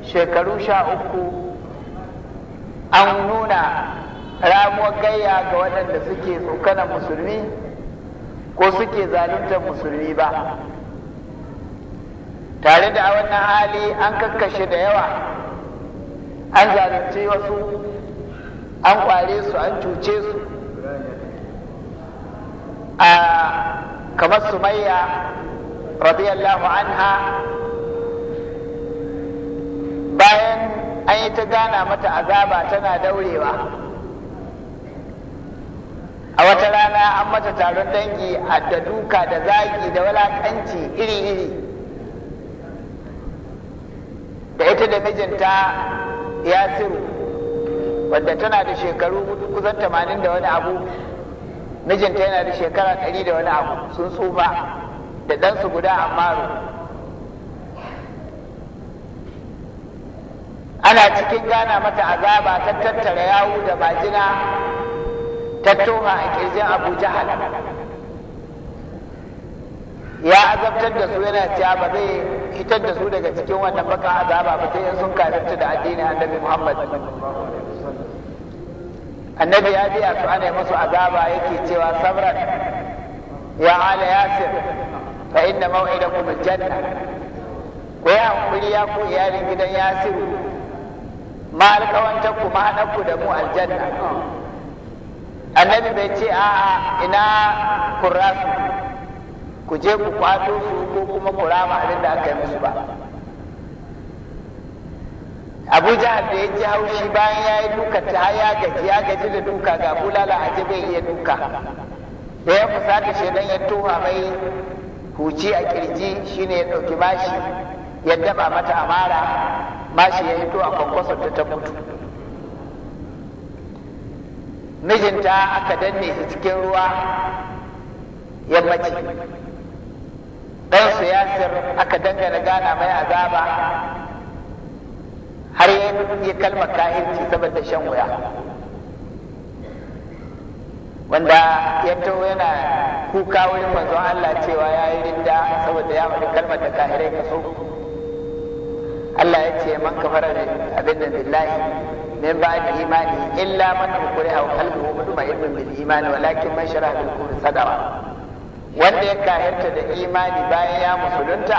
shekaru sha uku an nuna ramuwar gayya ga waɗanda suke tsokanan musulmi ko suke zaluntar musulmi ba tare da wannan hali an kakkashe da yawa an zalunce wasu an kware su an cuce su a kamar sumayya radiyallahu anha bayan an yi ta gana mata azaba tana daurewa a wata rana an mata taron dangi a da duka da zaki da walakanci iri-iri da ita da mijinta yasiru wadda tana da shekaru kusan tamanin da wani abu mijinta yana da shekara ɗari da wani abu sun tsufa da ɗansu guda maro ana cikin gana mata azaba ta tattara yawu da majina ta a kirjin abu jahal ya azabtar da su yana cewa ba zai hitar da su daga cikin wannan baka azaba ba sai sun da addinin annabi muhammad annabi ya biya su ana yi musu azaba yake cewa sabran ya ala yasir fa inna maw'idakum aljanna ku ya hankuri ya ku iyalin gidan yasiru ma alkawantar ku ma da mu aljanna annabi bai ce a'a ina su ku je ku kwato su ko kuma ku rama abin da aka yi musu ba abu jahal da ya ji haushi bayan ya yi duka ta ya gaji ya gaji da duka ga bulala a ji bai iya duka da ya fusata shaidan ya tuwa mai huci a kirji shine ya ɗauki mashi ya daba mata amara mashi ya hito a kwankwason ta ta mutu mijinta aka danne shi cikin ruwa ya mace ɗansu sir aka dangana gana mai azaba har yi kalmar kahirci saboda shan wuya wanda ya taho yana kuka wurin manzon Allah cewa ya yi rinda saboda ya faɗi kalmar da kahirai ka so Allah ya ce man kafara abin da billahi من بعد إيمانه إلا من كره قلبه مطمئن بالإيمان ولكن من شرح بالكفر صدرا wanda ya kahirta da imani bayan ya musulunta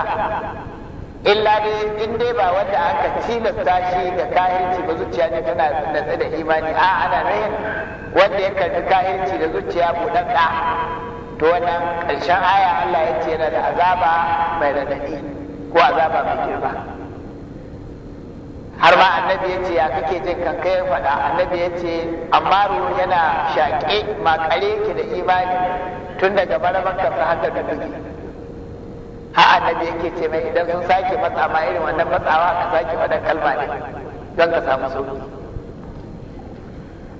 illa dai in dai ba wanda aka tilasta shi da kahirci ba zuciya ne tana natsa da imani a ana rayin wanda ya karbi kahirci da zuciya buɗaɗɗa to wannan karshen aya Allah ya ce yana da azaba mai radadi ko azaba mai girma har ma annabi ya ce ya kake jin kan ya faɗa annabi ya ce amma yana shaƙe makare ki da imani tun daga barabarka ka haka da duki ha annabi yake ce mai idan sun sake matsa ma irin wannan matsawa ka sake faɗa kalma ne don ka samu sauki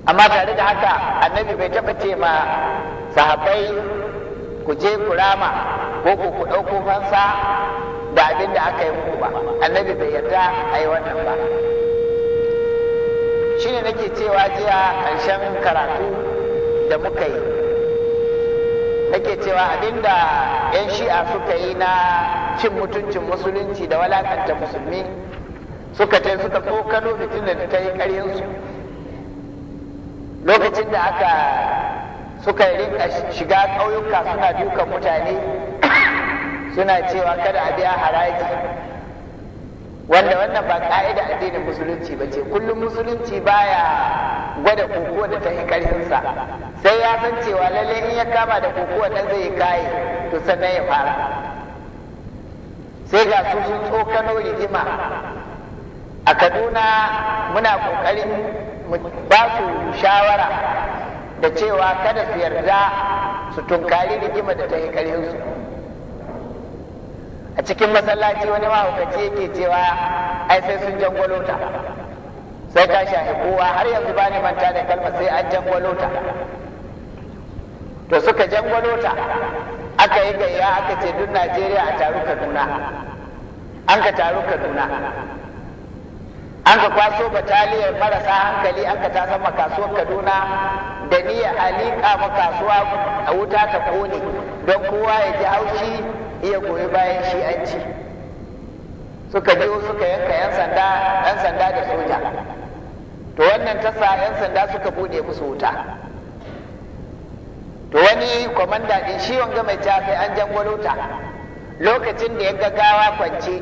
amma tare da haka annabi bai taɓa ce ma sahabbai ku je ku rama ko ku ɗauko fansa da abin da aka yi muku ba annabi bai yarda a yi wannan ba shi ne nake cewa jiya ƙarshen karatu da muka yi nake cewa abin da 'yan shi'a suka yi na cin mutuncin musulunci da walakanta musulmi suka tai suka kokano da ta yi ƙaryansu lokacin da aka suka rinka shiga ƙauyuka suna dukan mutane suna cewa kada a biya haraji wanda wannan ba ka'ida addinin musulunci ba ce kullum musulunci baya gwada kokowa da ta yi sai ya san cewa lalle in ya kama da kokowa nan zai kaye to sannan ya fara sai ga su sun tsokano rigima a kaduna muna kokarin ba su shawara da cewa kada su yarda su tunkari rigima da ta yi a cikin masallaci wani mahaukaci yake cewa ai sai sun jangwalo ta sai ka shahi kowa har yanzu ba ni manta da kalma sai an jangwalo ta to suka jangwalo ta aka yi gayya aka ce duk najeriya a taru kaduna an ka taru kaduna an ka kwaso bataliyar marasa hankali an ka tasa makasuwar kaduna da niyya alika makasuwa a wuta ta kone don kowa ya ji haushi iya goyi bayan shi'anci suka je suka yanka 'yan sanda yan sanda da soja to wannan ta sa 'yan sanda suka buɗe musu wuta to wani kwamanda ɗin shi wanga mai kai an jangwalota lokacin da ya gawa kwance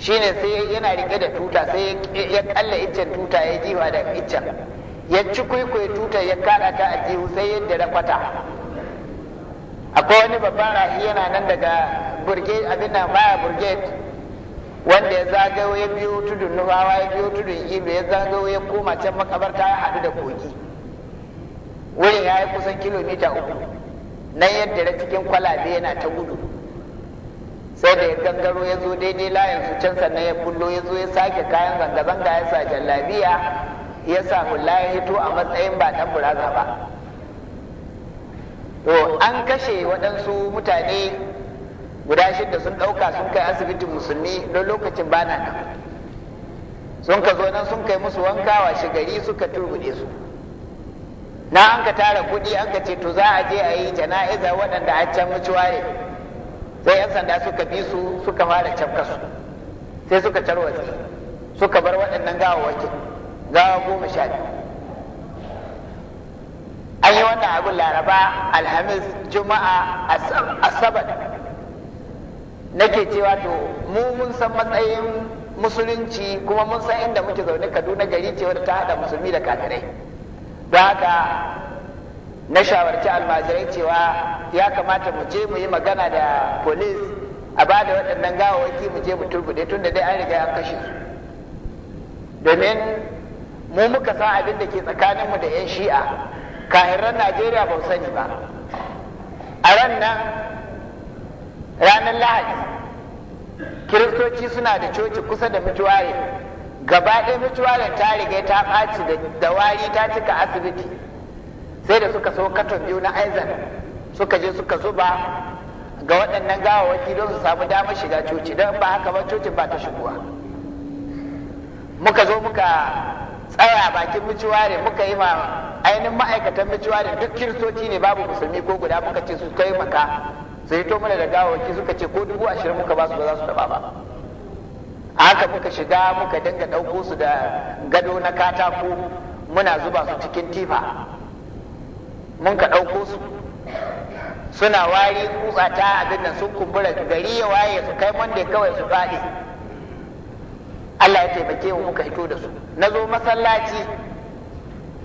shine sai yana rike da tuta sai ya kalla iccen tuta ya jiwa da iccen ya ci kwaikwayo tuta ya kada ta a jihu sai yadda na kwata akwai wani babban rahi yana nan daga abin nan baya burge wanda ya zagayo ya biyo tudun nufawa ya biyo tudun ibe ya zagayo ya koma can makabarta ya haɗu da kogi wurin ya yi kusan kilomita uku na yadda da cikin kwalabe yana ta gudu sai da ya gangaro ya zo daidai layin su can sannan ya bullo ya zo ya sake kayan zanga-zanga ya sa jallabiya ya sa hula hito a matsayin ba ɗan buraza ba to an kashe waɗansu mutane guda shida sun ɗauka sun kai asibitin musulmi don lokacin bana nan sun ka zo nan sun kai musu wanka wa shigari suka turbude su na an ka tara kuɗi an ka ce to za a je a yi jana'iza waɗanda a can mucuware sai 'yan sanda suka bi su suka fara cafka su sai suka tarwatsi suka bar waɗannan wakil gawa goma sha biyu an yi wannan abin laraba alhamis juma'a asabar nake cewa to mu mun san matsayin musulunci kuma mun san inda muke zaune kaduna gari ce wadda ta hada musulmi da kafirai don haka na shawarci almajirai cewa ya kamata mu je mu yi magana da polis a ba da waɗannan gawawaki mu je mu turbuɗe tun da dai an riga an kashe su domin mu muka san abin da ke tsakaninmu da 'yan shi'a kahirar najeriya ba sani ba a ranar ranar lahadi kiristoci suna da coci kusa da mutuware gaba ɗaya mutuwaren ta riga ta ɓaci da wari ta cika asibiti sai da suka so katon biyu na aizan suka je suka zuba ga waɗannan gawawaki don su samu damar shiga coci don ba haka ba cocin ba ta shigowa muka zo muka tsaya bakin mutuware muka yi ma ainihin ma'aikatan micewa da duk kiristoci ne babu musulmi ko guda muka ce su kai maka sai to mana da gawaki suka ce ko dubu ashirin muka ba su ba za su taba ba haka muka shiga muka dinga ɗauko su da gado na katako muna zuba su cikin tifa mun ka ɗauko su suna wari kutsa ta abin nan sun kumbura gari ya waye su kai wanda kawai su faɗi Allah ya taimake mu muka hito da su na zo masallaci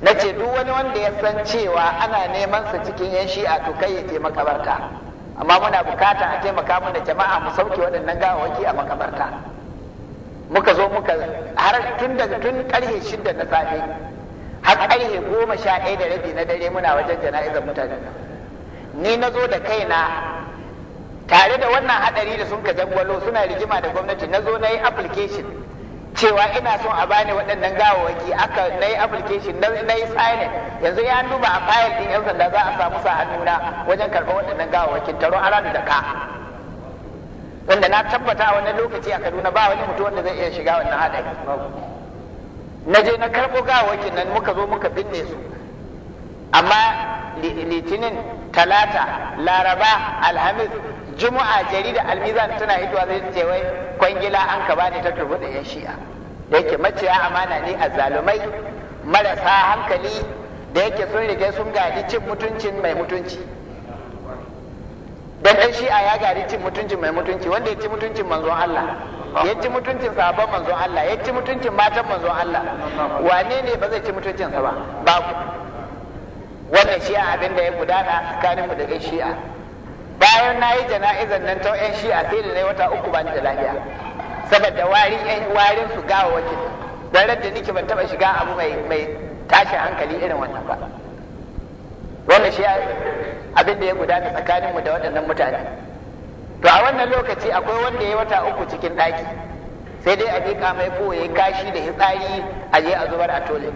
na ce duk wani wanda ya san cewa ana neman sa cikin yan shi'a to kai ya ke makabarta amma muna bukata a taimaka mana jama'a mu sauke waɗannan gawawaki a makabarta muka zo muka har tun daga tun karhe shida na safe har karhe goma sha ɗaya da rabi na dare muna wajen jana'izar mutane ni na zo da kaina tare da wannan haɗari da sun ka jangwalo suna rigima da gwamnati na zo na yi application cewa ina son a bani waɗannan gawawaki aka na yi application na yi signing yanzu ya duba a fayil ɗin 'yan sanda za a samu sa hannuna wajen karɓar waɗannan gawawaki taro a da zaka wanda na tabbata a wannan lokaci a kaduna ba wani mutum wanda zai iya shiga wannan haɗari na je na karɓo gawawaki nan muka zo muka binne su amma litinin talata laraba alhamis juma'a jarida almizan tana hitowa zai ce wai kwangila an ka bani ta turbu da yan shi'a da yake maciya amana ne a zalumai marasa hankali da yake sun riga sun gadi cin mutuncin mai mutunci dan dan shi'a ya gadi cin mutuncin mai mutunci wanda ya ci mutuncin manzon Allah ya ci mutuncin sahabban manzon Allah ya ci mutuncin matan manzon Allah wane ne ba zai ci mutuncin sa ba babu wannan shi'a abin da ya gudana tsakaninmu da shi'a bayan na yi jana'izan nan ta yan shi a sai da na wata uku ba ni da lafiya saboda warin yan warin su gawa wakil dan da nake ban taba shiga abu mai mai tashin hankali irin wannan ba wannan shi abin da ya gudana tsakaninmu da waɗannan mutane to a wannan lokaci akwai wanda ya wata uku cikin ɗaki sai dai a miƙa mai ko ya kashi da hitsari a je a zubar a tole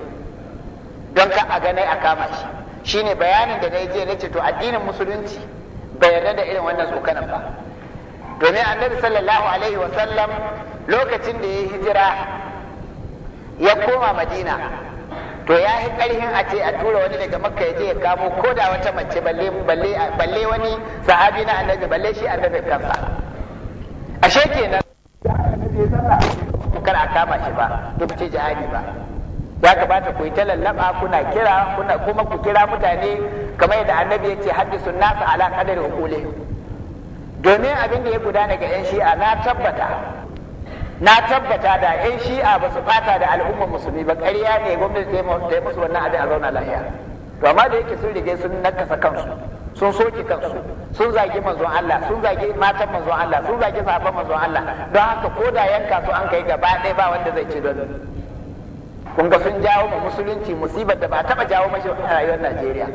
don ka a ganai a kama shi shine bayanin da na je na ce to addinin musulunci bai yarda da irin wannan tsokanan ba domin annabi sallallahu alaihi wasallam lokacin da ya hijira ya koma madina to ya yi karhin a ce a tura wani daga makka ya je ya kamo ko da wata mace balle wani sahabi na annabi balle shi annabi kansa ashe kenan da annabi sallah kar a kama shi ba duk ce jihadi ba ya kamata ku yi ta lallaba kuna kira kuna kuma ku kira mutane kamar yadda annabi ya ce sunna nasu ala qadari hukule domin abin da ya gudana ga yan shi'a na tabbata na tabbata da yan shi'a ba su fata da al'ummar musulmi ba ƙarya ne gwamnati ta yi musu wannan abin a zauna lafiya to amma da yake sun rige sun nakasa kansu sun soke kansu sun zagi manzon Allah sun zagi matan manzon Allah sun zagi sahabban manzon Allah don haka ko da yanka su an kai gaba ɗaya ba wanda zai ce don kun ga sun jawo ma musulunci musibar da ba taba jawo mashi a rayuwar Najeriya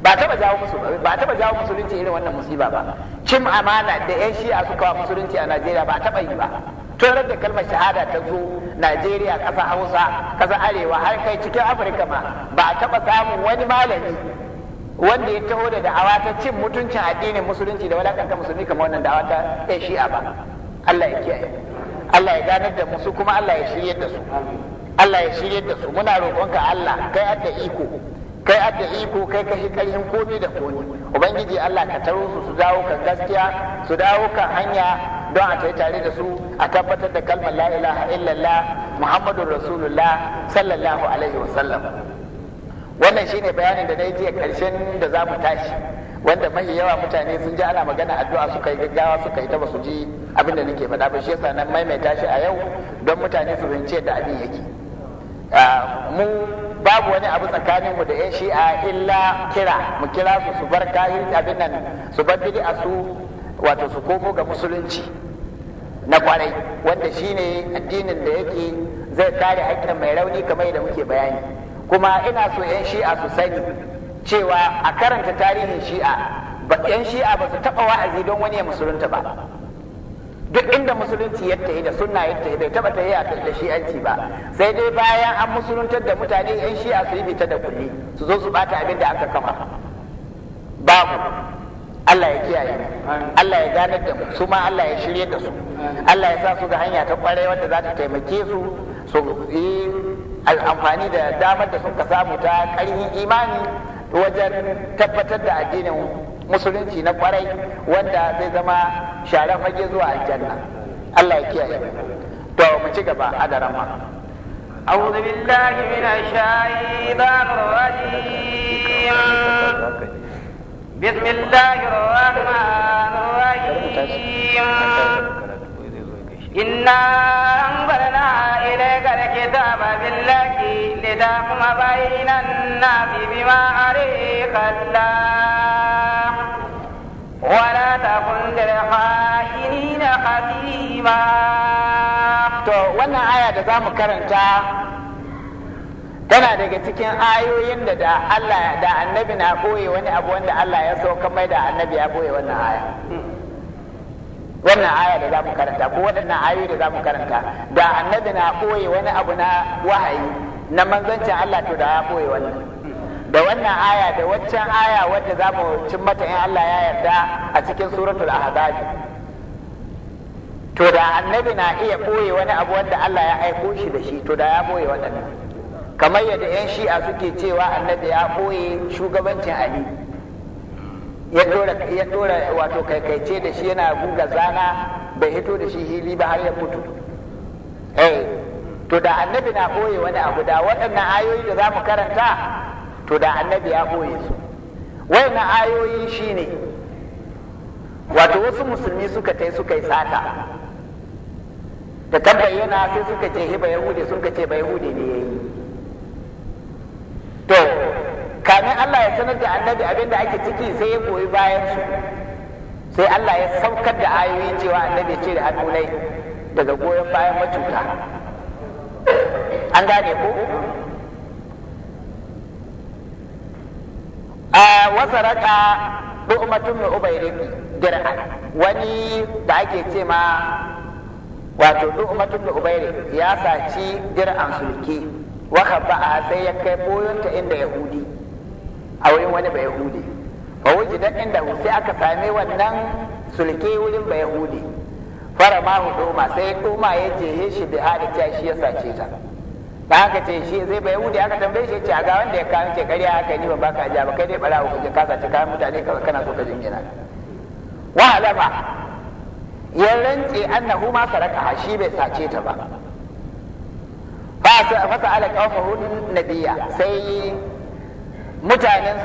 ba taba jawo musu ba taba jawo musulunci irin wannan musiba ba cin amana da yan shi'a suka wa musulunci a Najeriya ba taba yi ba tun da kalmar shahada ta zo Najeriya ƙasa Hausa ƙasa Arewa har kai cikin Afirka ma ba taba samun wani malami wanda ya taho da da'awa ta cin mutuncin addinin musulunci da wadakanta musulmi kamar wannan da'awa ta yan shi'a ba Allah ya kiyaye Allah ya ganar da musu kuma Allah ya shirye da su Allah ya shirye da su muna roƙonka Allah kai adda iko kai adda iko kai ka shi ƙarfin komai da komai ubangiji Allah ka taro su su dawo kan gaskiya su dawo kan hanya don a tai tare da su a tabbatar da kalmar la ilaha illallah muhammadur rasulullah sallallahu alaihi wa sallam. wannan shine bayanin da na yi jiya ƙarshen da za mu tashi wanda mahi yawa mutane sun ji ana magana addu'a suka yi gaggawa suka yi ta ba su ji abin da nake faɗa ba shi yasa nan maimaita shi a yau don mutane su fahimci da abin yake Ah, mu babu wani abu tsakanin mu da yan shi'a illa kira mu kira su su bar kayi abin nan su bar a su wato su komo ga musulunci na kwarai wanda shine addinin da yake zai kare haƙƙin mai rauni kamar yadda muke bayani kuma ina so yan shi'a su sani cewa a karanta tarihin shi'a yan shi'a ba su taɓa wa'azi don wani ya musulunta ba duk inda musulunci ya tafi da sunna ya tafi bai taba tafi da shi'anci ba sai dai bayan an musuluntar da mutane yan shi'a su yi ta da kulli su zo su bata abin da aka kafa babu Allah ya kiyaye Allah ya ganar da mu su ma Allah ya shirye da su Allah ya sa su ga hanya ta kware wanda za ta taimake su su yi amfani da damar da suka samu ta ƙarfin imani wajen tabbatar da addinin musulunci na kwarai wanda zai zama sharan fage zuwa aljanna Allah ya kiyaye to mu ci gaba a da rama أعوذ بالله من الشيطان الرجيم بسم الله الرحمن الرحيم إنا أنزلنا إليك الكتاب بالذي لتحكم بين الناس بما أريك الله ولا تكن للخائنين kha'inina تو وانا wannan aya da zamu karanta tana daga cikin ayoyin da da Allah da annabi na boye wani abu wanda Allah ya sauka mai da annabi ya boye wannan aya wannan aya da za mu karanta ko waɗannan ayoyi da za mu karanta da annabi na ɓoye wani abu na wahayi na manzancin Allah to da ya ɓoye wannan da wannan aya da waccan aya wadda za mu cin mata in Allah ya yarda a cikin suratul ahzab to da annabi na iya boye wani abu wanda Allah ya aiko shi da shi to da ya boye waɗannan kamar yadda yan shi'a suke cewa annabi ya boye shugabancin ali ya dora ya dora wato ce da shi yana guga zana bai hito da shi hili ba har ya mutu eh to da annabi na boye wani abu da waɗannan ayoyi da za mu karanta to da annabi ya ɓoye su wayannan ayoyi shine wato wasu musulmi suka tai suka yi sata da ta bayyana sai suka ce hiba yahude sun ka ce ba hude ne yi. to kamin Allah ya sanar da annabi abinda da ake ciki sai ya koyi bayan su sai Allah ya saukar da ayoyin cewa annabi ya ce da hannunai daga goyon bayan macuta an gane ko wasa raka du'matun min wani da ake ce ma wato du'matun ya saci dir'an sulki wa a sai ya kai boyonta inda yahudi a wurin wani ba yahudi fa dan inda sai aka same wannan sulke wurin ba yahudi fara ma huduma sai kuma ya je shi da hada shi ya sace ta ba ka ce shi zai bai wuce aka tambaye shi ce a ga wanda ya kawo ce ƙarya aka ni ba baka ajiya ba kai dai bala kaje kasa ce kawo mutane kana so ka jingina wa alama ya rantse annahu ma saraka shi bai sace ta ba fa fasa ala qafahu nabiyya sai su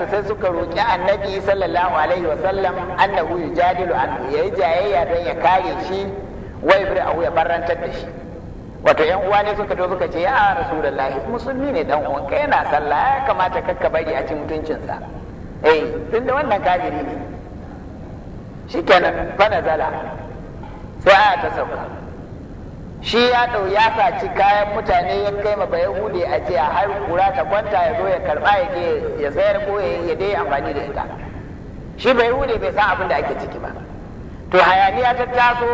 sai suka roki annabi sallallahu alaihi wa sallam annahu yujadilu an yayi jayayya dan ya kare shi wai bir ya barantar da shi wato yan uwa ne suka zo suka ce ya rasulullahi musulmi ne dan uwan kai yana sallah ya kamata kakka bari a ci mutuncinsa eh tun da wannan kafiri ne shikenan fa zala sai aya ta sauka shi ya dau ya saci kayan mutane ya kai ma bayahudi a ce har kura ta kwanta ya zo ya karba ya je ya sayar ko ya dai amfani da ita shi bayahudi bai san abin da ake ciki ba to hayaniya ta taso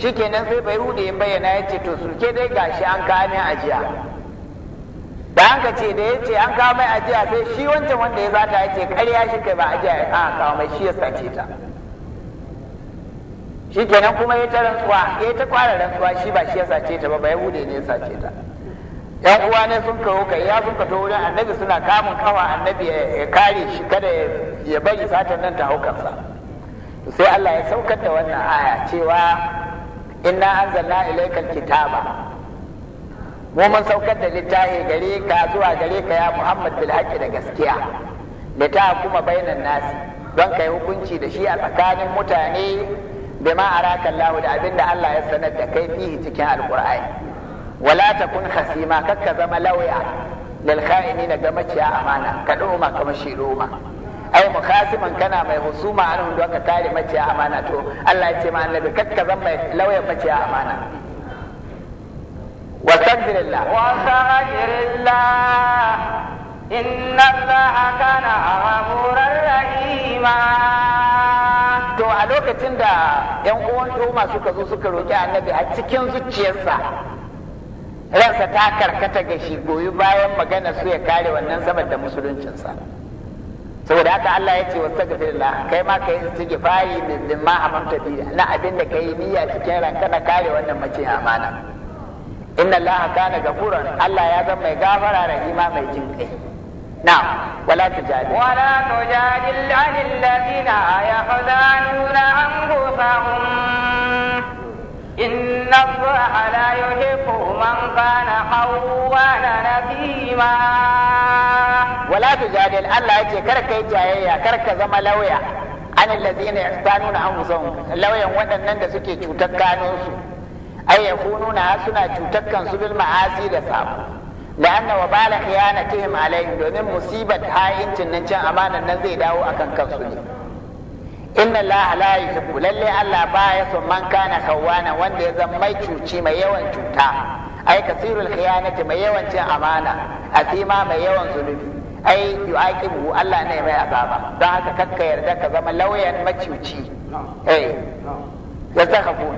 shikenan sai bai rude in bayyana ya ce to surke dai gashi an kawo min ajiya da an ka ce da ya ce an kawo mai ajiya sai shi wancan wanda ya zata ta ce karya shi kai ba ajiya ya kawo kawo mai shi ya sace ta shi kenan kuma ya ta rantsuwa ya ta kwara rantsuwa shi ba shi ya sace ta ba bai rude ne ya sace ta yan uwa ne sun kawo kai ya sun kato wurin annabi suna kamun kawa annabi ya kare shi kada ya bari satan nan ta haukansa sai Allah ya saukar da wannan aya cewa inna anzalna ilaykal kitaba mu mun saukar da littafi gare ka zuwa gare ka ya Muhammad bil haqqi da gaskiya lita kuma bainan nasi don kai hukunci da shi a tsakanin mutane bima araka Allah da abinda Allah ya sanar da kai fihi cikin alqur'ani wala takun khasima kakka zama lauya lil kha'inina ga maciya amana ka doma kamar shi roma. ai mukhasiman kana mai husuma an don ka tare mace amana to Allah ya ce ma annabi kakka zan mai lauyan mace amana wa tagfirilla wa tagfirilla inna allaha kana ghafurar rahima to a lokacin da yan uwan toma suka zo suka roki annabi a cikin zuciyarsa ransa ta karkata ga shi goyi bayan magana su ya kare wannan zaman da musuluncinsa saboda haka Allah ya ce wa astaghfirullah kai ma kai istighfari min zimma amanta bi na abin da kai niyya cikin ranka na kare wannan mace amana inna Allah kana gafuran Allah ya zama mai gafara rahima mai jin jinkai نعم ولا تجادل ولا تجادل عن الذين يحزنون أنفسهم إن الله لا يحب من كان خوانا نثيما ولا تجادل الله يجي كركا lauya!" كركا زما لويا عن الذين يحتانون أنفسهم لويا ودنن da suke cutar gano su ai yakununa suna cutar kansu bil ma'asi da sabo da anna wa bala khiyanatihim alaihim domin musibat ha'incin nan can amanan nan zai dawo akan kansu ne inna allaha la yuhibbu lalle allah baya son man kana khawana wanda ya zama mai cuci mai yawan cuta ai kasirul khiyanati mai yawan cin amana asima mai yawan zulubi ai yu'aqibu allah ne mai azaba don haka kakka yarda ka zama lauyan macuci eh ya takhafu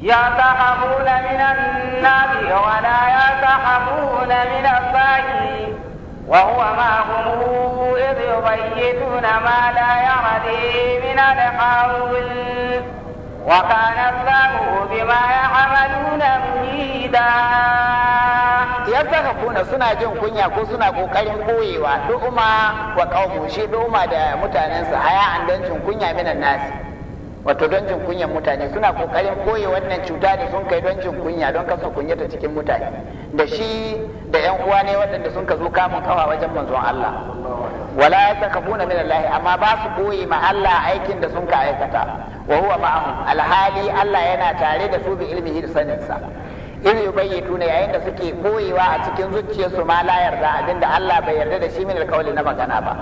ya takhafuna minan nabi wa la ya takhafuna min allahi وهو ما هم إذ يبيتون ما لا يرضي من القول وكان الله بما يعملون مجيدا yadda suna jin kunya ko suna kokarin koyewa duk umma wa qaumu shi umma da mutanensa haya an dan jin kunya minan nasi wato don jin kunyan mutane suna kokarin koye wannan cuta da sun kai don jin kunya don kasa kunya ta cikin mutane da shi da yan uwa ne waɗanda sun ka zo kamun kawa wajen manzon Allah wala yatakabuna min Allah amma ba su koyi ma Allah aikin da sun ka aikata wa huwa ma'am, alhali Allah yana tare da su bi ilmihi da saninsa in yubayyituna yayin da suke koyewa a cikin zuciyarsu ma la yarda abinda Allah bai yarda da shi min alkawli na magana ba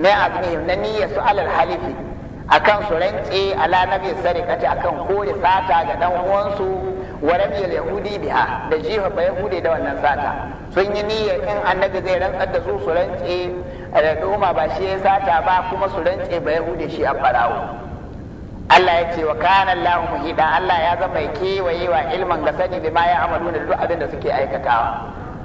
mai azmihim na niyyar su alal halifi akan su rantse ala nabi sarikati akan kore sata ga dan uwansu wa ya yahudi biha da jiha ba yahudi da wannan sata sun yi niyyar in annabi zai rantsar da su su rantse eh, al'umma ba shi ya sata ba kuma su rantse ba yahudi shi a farawo Allah ya ce wa kana Allah muhida Allah ya zama kewaye wa ilman ga sani ma ya amalu da duk abin da suke aikatawa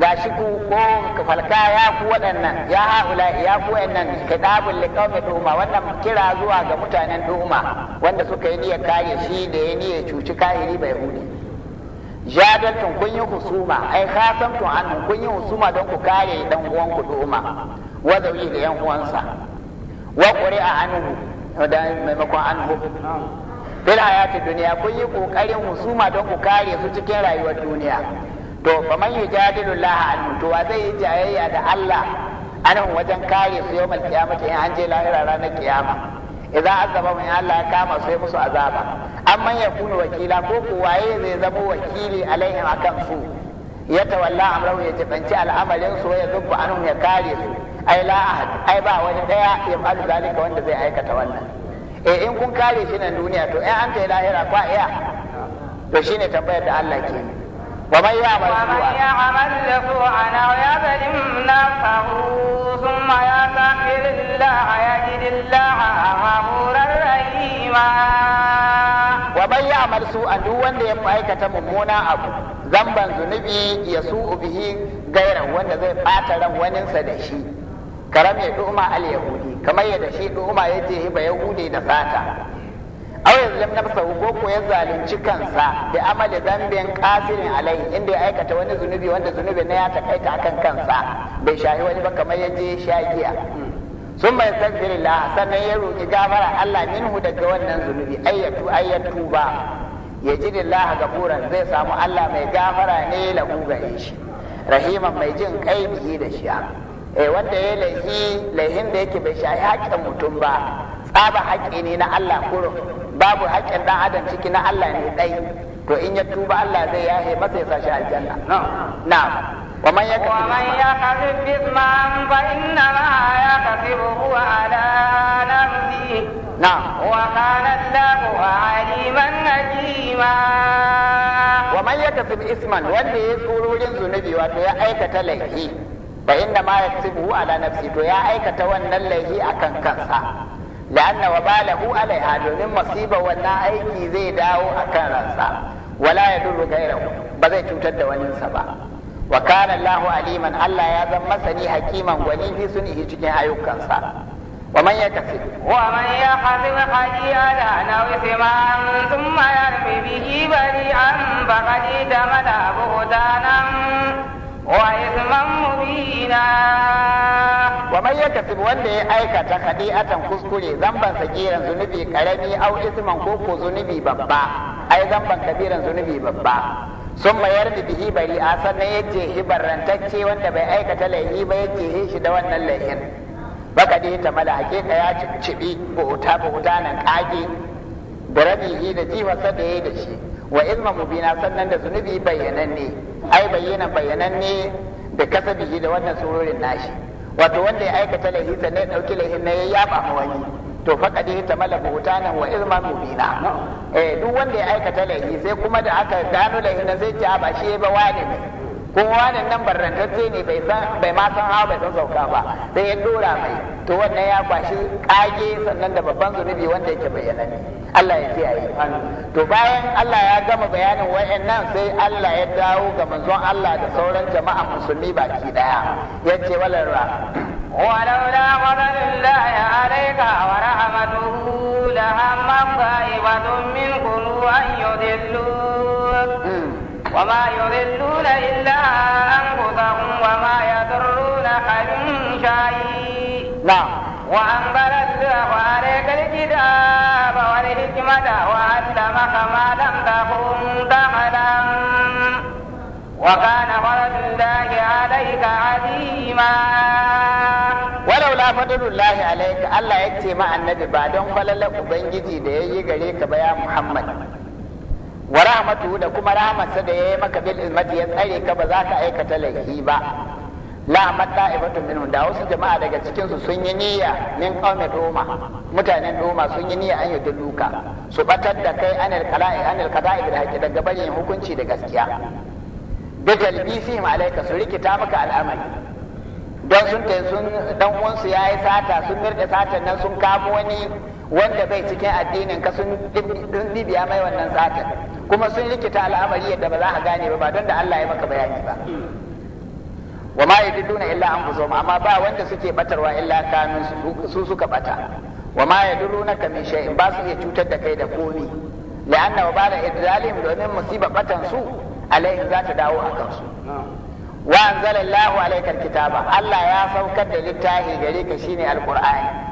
ga shi ku ko falka ya ku waɗannan ya haula ya ku waɗannan kitabul liqaumi duma wannan kira zuwa ga mutanen duma wanda suka yi niyyar kare shi da ya niyyar cuci kahiri bai hudi jadatun kun yi husuma ai khasamtun an kun yi husuma don ku kare dan uwan ku duma wa zawi da yan uwansa wa quri'a anhu da maimakon anhu fil hayati duniya kun yi kokarin husuma don ku kare su cikin rayuwar duniya to fa man yujadilu Allah anhu to wa zai yi jayayya da Allah anan wajen kare su yawmal qiyamati in an je lahira ranar kiyama idan azaba mun Allah ya kama sai musu azaba amma ya kunu wakila ko kuwaye zai zama wakili alaihim akan su ya tawalla amrahu ya jibanci al'amarin su ya zubba anhu ya kare su ai la ahad ai ba wani daya ya falu zalika wanda zai aikata wannan eh in kun kare shi nan duniya to in an ta lahira kwa iya to shine tambayar da Allah ke ومن يعمل ومن يعمل سوءا او يظلم نفسه ثم يستغفر الله يجد الله غفورا رحيما ومن يعمل سوءا duk wanda ya aikata mummuna abu zamban zunubi ya su'u bihi gairan wanda zai ɓata ran waninsa da shi karam ya duma al yahudi kamar yadda shi duma ya je ba yahudi da sata aw yazlam nafsahu ko ko ya zalunci kansa da amali dambin kasirin alai inda ya aikata wani zunubi wanda zunubi na ya takaita akan kansa bai shahi wani ba kamar yaje shagiya sun bai tafsirillah sannan ya roƙi gafara Allah minhu daga wannan zunubi ayyatu ayyatu ba ya ji lillaha gafuran zai samu Allah mai gafara ne la gare shi rahiman mai jin kai bihi da shi eh wanda ya laihi laihin da yake bai shahi haƙƙin mutum ba tsaba haƙƙi ne na Allah kurum babu haƙƙin ɗan adam ciki na Allah ne ɗai to in ya tuba Allah zai yahe masa ya sashi aljanna na ومن يكسب إثما فإنما يكسبه على نفسه نعم وكان الله عليما حكيما ومن يكسب إثما wanda ya yi yin zunubi wato ya aikata laifi fa inna ma yaksubu to ya aikata wannan laifi akan kansa la'anna wabalahu alaiha domin masiba wannan aiki zai dawo a kan ransa wala ya duru gairahu ba zai cutar da waninsa ba wa kana aliman Allah ya zan masani kiman gwani sun sunihi cikin ayyukansa wa man yakasib wa man yakasib khati'ata naw isman thumma yarmi bihi bari'an faqad tamala wa isman mubina Kamar ya yakasib wanda ya aikata kadi'atan kuskure zamban sagiran zunubi karami au isman ko ko zunubi babba ai zamban kabiran zunubi babba sun mayar da bihi bari a sannan yace hibarantacce wanda bai aikata laifi ba ce shi da wannan laifin baka dai ta mala hakika ya cibi bauta bauta nan kage da rabihi da jifarsa da yayi da shi wa izma mubina sannan da zunubi bayyananne ai bayyana bayyananne da kasabihi da wannan surorin nashi wato wanda ya aikata laifi sannan ya ɗauki laifin na ya yaba ma wani to faƙa dai ta mala nan wa ilma mubina eh duk wanda ya aikata laifi sai kuma da aka gano laifin nan zai ce ba shi ya ba wani ne kowa ne nan barrantacce ne bai san bai ma san hawa bai san sauka ba sai ya dora mai to wannan ya kwashi kage sannan da babban zunubi wanda yake bayyana ne Allah ya kiyaye to bayan Allah ya gama bayanin wayannan sai Allah ya dawo ga manzon Allah da sauran jama'a musulmi baki daya yace walarra ولولا فضل الله عليك ورحمته لهم طائفة منكم أن يضلوك وما يضلون إلا أنفسهم وما يضرون من شيء نعم وأنزل الله عليك الكتاب والحكمة وعلمك ما لم تكن تعلم وكان فضل الله عليك عظيما walaula fadlullahi alayka Allah yace ma annabi ba don falalar ubangiji da yayi gare ka ba ya Muhammad wa rahmatu da kuma rahmatsa da yayi maka bil ilmati ya tsare ka ba za ka aikata laifi ba la matta ibatu minhu da wasu jama'a daga cikin su sun yi niyya min qaumi doma mutanen doma sun yi niyya an yi duka su batar da kai anil qala'i anil qada'i da haƙi daga hukunci da gaskiya da ma alayka su rikita maka al'amari don sun sun dan uwansu yayi sata sun mirda satan nan sun kamo wani wanda bai cikin addinin ka sun bibiya mai wannan satar, kuma sun rikita al'amari yadda ba za ka gane ba ba don da Allah ya maka bayani ba wa ma yadiduna illa an anfusuhum amma ba wanda suke batarwa illa kanun su suka bata wa ma ka min shay'in ba su iya cutar da kai da komi la'anna wa bala idzalim domin musiba batan su alaihim za ta dawo a kansu wa anzalallahu alaykal kitaba Allah ya saukar da littafi gare ka shine alqur'ani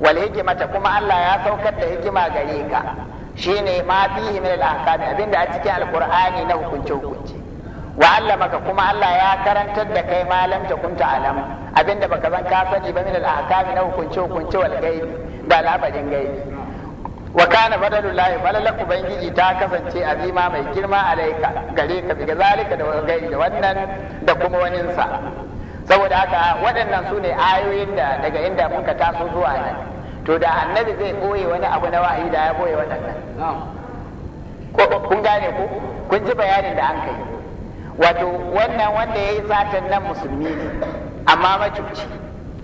wal hikimata kuma Allah ya saukar da hikima gare ka shine ma fihi min al ahkami abinda a cikin alqur'ani na hukunce hukunce wa allamaka kuma Allah ya karantar da kai malam ta kunta alam abinda baka zan ka sani ba min al ahkami na hukunce hukunce wal gaibi da labarin gaibi wa kana fadalul lahi ta kasance azima mai girma alaika gare ka bi zalika da gaibi da wannan da kuma waninsa saboda haka waɗannan su ne ayoyin da daga inda muka taso zuwa nan to da annabi zai boye wani abu na wa'ayi da ya ɓoye waɗannan kun gane ku kun ji bayanin da an kai wato wannan wanda ya yi satan nan musulmi ne amma macuci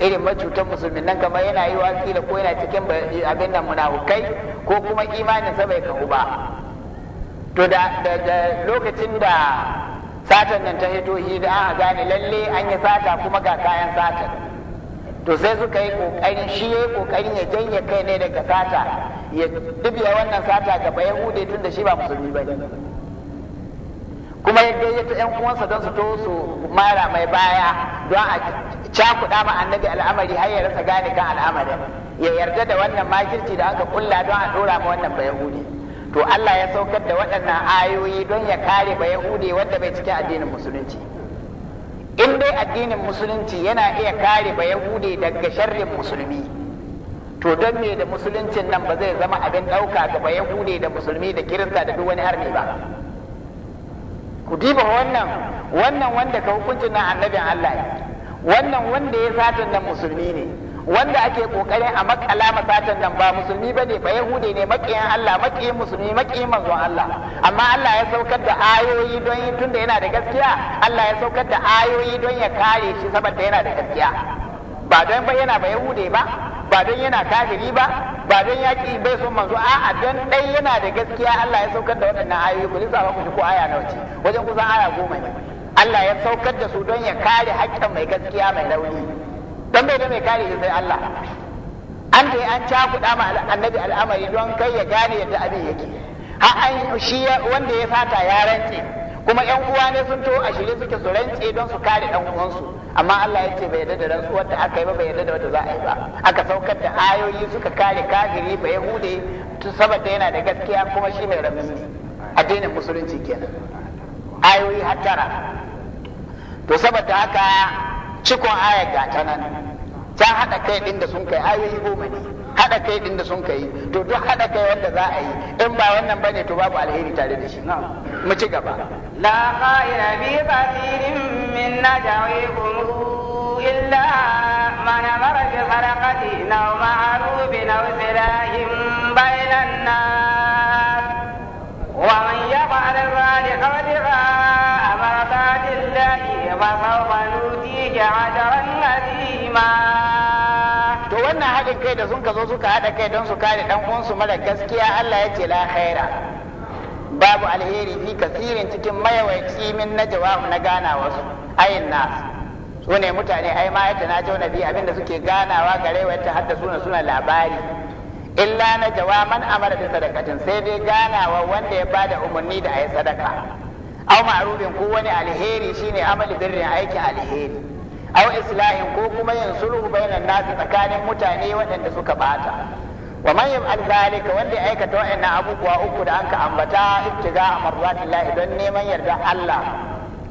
irin macutan musulmi nan kamar yana yi wa kila ko yana cikin abin nan munafukai ko kuma imanin imaninsa bai kahu ba to da lokacin da satan nan ta hito shi da an gane lalle an yi sata kuma ga kayan satan to sai suka yi kokari shi ya yi kokarin ya janye kai ne daga sata ya dubiya wannan sata gaba yahude tun da shi ba musulmi ba kuma ya ta yan uwansa don su to su mara mai baya don a cakuɗa ma annabi al'amari har ya rasa gane kan al'amarin ya yarda da wannan makirci da aka kulla don a ɗora ma wannan bayan yahudi to Allah ya saukar da waɗannan ayoyi don ya kare ba Yahudi wanda bai cikin addinin musulunci in dai addinin musulunci yana iya kare ba Yahudi daga sharrin musulmi to don me da musuluncin nan ba zai zama abin ɗauka ga ba Yahudi da musulmi da kirista da duk wani harbi ba ku diba wannan wannan wanda ka hukuncin na annabin Allah ne wannan wanda ya satun nan musulmi ne wanda ake kokarin a makala masatan nan ba musulmi bane ba yahudi ne makiyan Allah makiyin musulmi makiyin manzon Allah amma Allah ya saukar da ayoyi don yi tunda yana da gaskiya Allah ya saukar da ayoyi don ya kare shi saboda yana da gaskiya ba don ba yana ba yahudi ba ba don yana kafiri ba ba don yaki bai son manzo a'a don dai yana da gaskiya Allah ya saukar da waɗannan ayoyi ku lissafa ku ko aya nawa ce wajen kusan aya goma ne Allah ya saukar da su don ya kare haƙƙin mai gaskiya mai rauni don bai da mai kare shi sai Allah an da an cakuɗa ma annabi al'amari don kai ya gane yadda abin yake ha an shi wanda ya fata ya rantse kuma yan uwa ne sun to a shirye suke su rantse don su kare dan uwansu amma Allah ya ce bai yarda da rantsuwar da aka yi ba bai yarda da wata za a yi ba aka saukar da ayoyi suka kare kafiri ba yahude saboda yana da gaskiya kuma shi mai A addinin musulunci kenan ayoyi har tara to saboda haka cikon ayar gata nan ta haɗa kai ɗin da sun kai ayoyi goma ne haɗa kai ɗin da sun kai to duk haɗa kai wanda za a yi in ba wannan bane to babu alheri tare da shi mu ci gaba la khaira bi kathirin min najawihum illa man amara bi sadaqatin aw bainan wa man to wannan haɗin kai da sun ka zo suka haɗa kai don su kare ɗan uwansu mara gaskiya Allah ya ce la khaira babu alheri fi kasirin cikin mayawaci min na jawabu na gana wasu ayin nasu su mutane ai ma yadda na jauna biyu abinda suke ganawa gare wata hadda suna suna labari illa na jawaman amara bi sadakatin sai dai ganawa wanda ya bada umarni da ayi sadaka aw ma'rufin ko wani alheri shine amali birrin aikin alheri aw islahin ko kuma yin sulhu bainan nasu tsakanin mutane waɗanda suka bata wa man yaf'al zalika wanda ya aikata wa'annan abubuwa uku da anka ambata ibtiga marratillahi don neman yarda Allah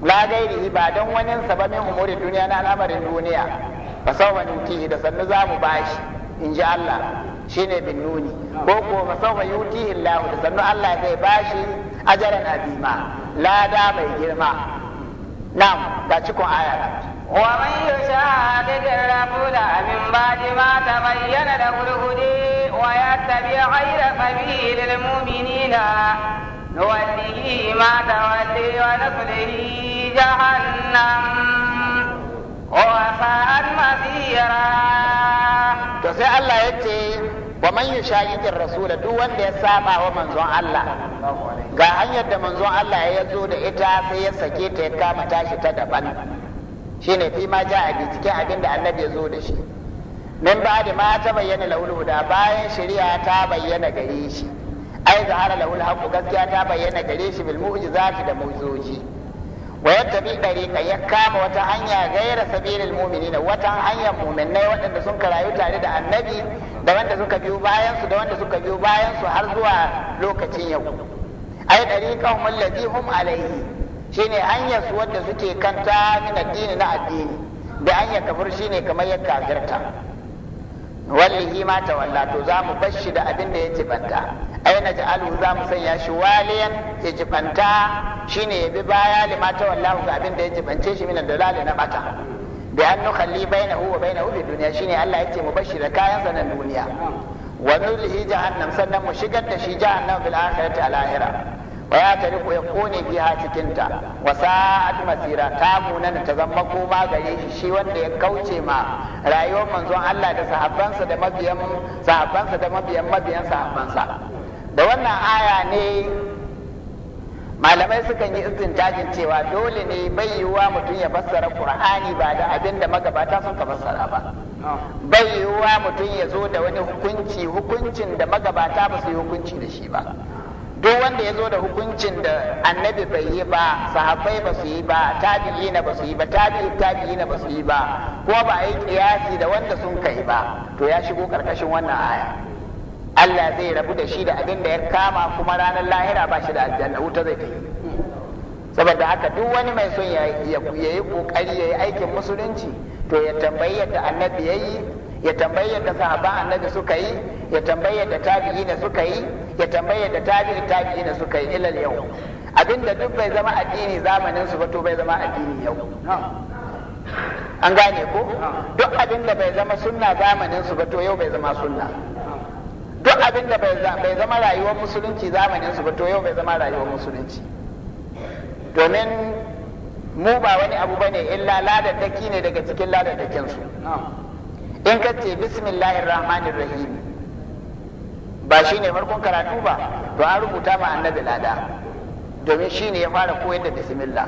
la gairihi ba don wani sababin umurin duniya na al'amarin duniya fa sawfa nutihi da sannu za mu bashi in ji Allah shine bin nuni ko ko fa sawfa yutihi Allah da sannu Allah zai bashi ajaran azima lada mai girma na'am ga cikon ayar ومن يشاهدك الرسول من بعد ما تبين له الهدي ويتبع غير سبيل المؤمنين نوله ما تولي ونصله جهنم وساءت مصيرا to sai Allah yace wa man ar rasul duk wanda ya saba wa manzon Allah ga hanyar da manzon Allah ya zo da ita sai ya sake ta ya kama tashi ta daban shine fi ma ja'a bi cikin abin da annabi ya zo da shi min ba ma ta bayyana lahul huda bayan shari'a ta bayyana gare shi ai zahara lahul haqq gaskiya ta bayyana gare shi bil mu'jizati da mu'jizoji wa yattabi dariqa ya kama wata hanya gaira sabilil mu'minina wata hanyar mu'minai waɗanda sun karayu tare da annabi da wanda suka biyo bayan su da wanda suka biyo bayansu, su har zuwa lokacin yau ai dariqahum allati hum alaihi shine hanyar su wanda suke kanta min addini na addini da hanyar kafir shine kamar ya kafirta wallahi ma tawalla to za mu bashi da abin da ya jibanta aina na za mu sanya shi waliyan ya jibanta shine ya bi baya lima tawallahu ga abin da ya jibance shi min dalali na bata bi an nukhalli bainahu wa bainahu bi dunya shine Allah ce mu bashi da kayan sa na duniya wa nulhi jahannam sannan mu shigar da shi jahannam bil akhirati al wa ya tare ya kone biya cikin ta wa sa'at masira ta munana ta zama koma gare shi shi wanda ya kauce ma rayuwar manzon Allah da sahabbansa da mabiyan sahabbansa da mabiyan mabiyan sahabbansa da wannan aya ne malamai sukan yi izin tajin cewa dole ne bai yiwuwa mutum ya fassara qur'ani ba da abin da magabata sun ka fassara ba bai yiwuwa mutum ya zo da wani hukunci hukuncin da magabata ba su yi hukunci da shi ba duk wanda ya zo da hukuncin da annabi bai yi ba sahabbai ba su yi ba na ba su yi ba tabi'i na ba su yi ba ko ba a yi kiyasi da wanda sun kai ba to ya shigo karkashin wannan aya Allah zai rabu da shi da abin da ya kama kuma ranar lahira ba shi da aljanna wuta zai tafi saboda haka duk wani mai son ya yi kokari ya yi aikin musulunci to ya tambayi yadda annabi ya yi ya tambayi yadda sahabban annabi suka yi ya tambayi yadda na suka yi Ya tambaye da tabi'i tabi'ina suka yi ilal yau abinda duk bai zama addini zamanin su ba to bai zama addini yau an gane ko duk abin da bai zama sunna zamanin su ba to yau bai zama sunna duk abin da bai zama rayuwar musulunci zamanin su ba to yau bai zama rayuwar musulunci domin mu ba wani abu bane illa ladaddaki ne daga cikin ladaddakin su in ka ce bismillahir rahmanir rahim ba shi ne farkon karatu ba to an rubuta ma annabi lada domin shi ne ya fara koyar da bismillah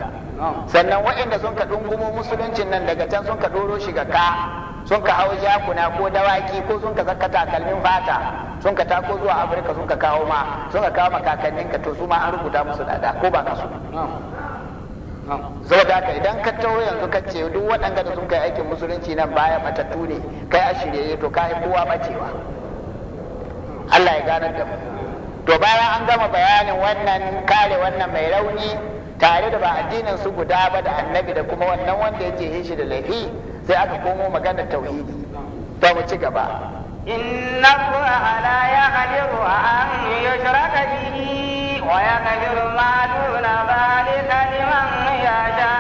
sannan waɗanda sun ka dungumo musuluncin nan daga can sun ka ɗoro shiga ka sun ka hau jakuna ko dawaki ko sun ka zakata takalmin fata sun ka tako zuwa afirka sun ka kawo ma sun ka kawo makakannin ka to su ma an rubuta musu lada ko ba kasu zai da idan ka taho yanzu ka ce duk waɗanda da sun kai aikin musulunci nan baya matattu ne kai a shirye to kai kowa bacewa Allah ya ganar da mu to bayan an gama bayanin wannan kare wannan mai rauni tare da ba addinin su guda ba da annabi da kuma wannan wanda yake shi da laifi sai aka komo magana tauhidi to mu ci gaba inna allaha la yaghfiru an yushraka bihi wa yaghfiru ma duna dhalika liman yasha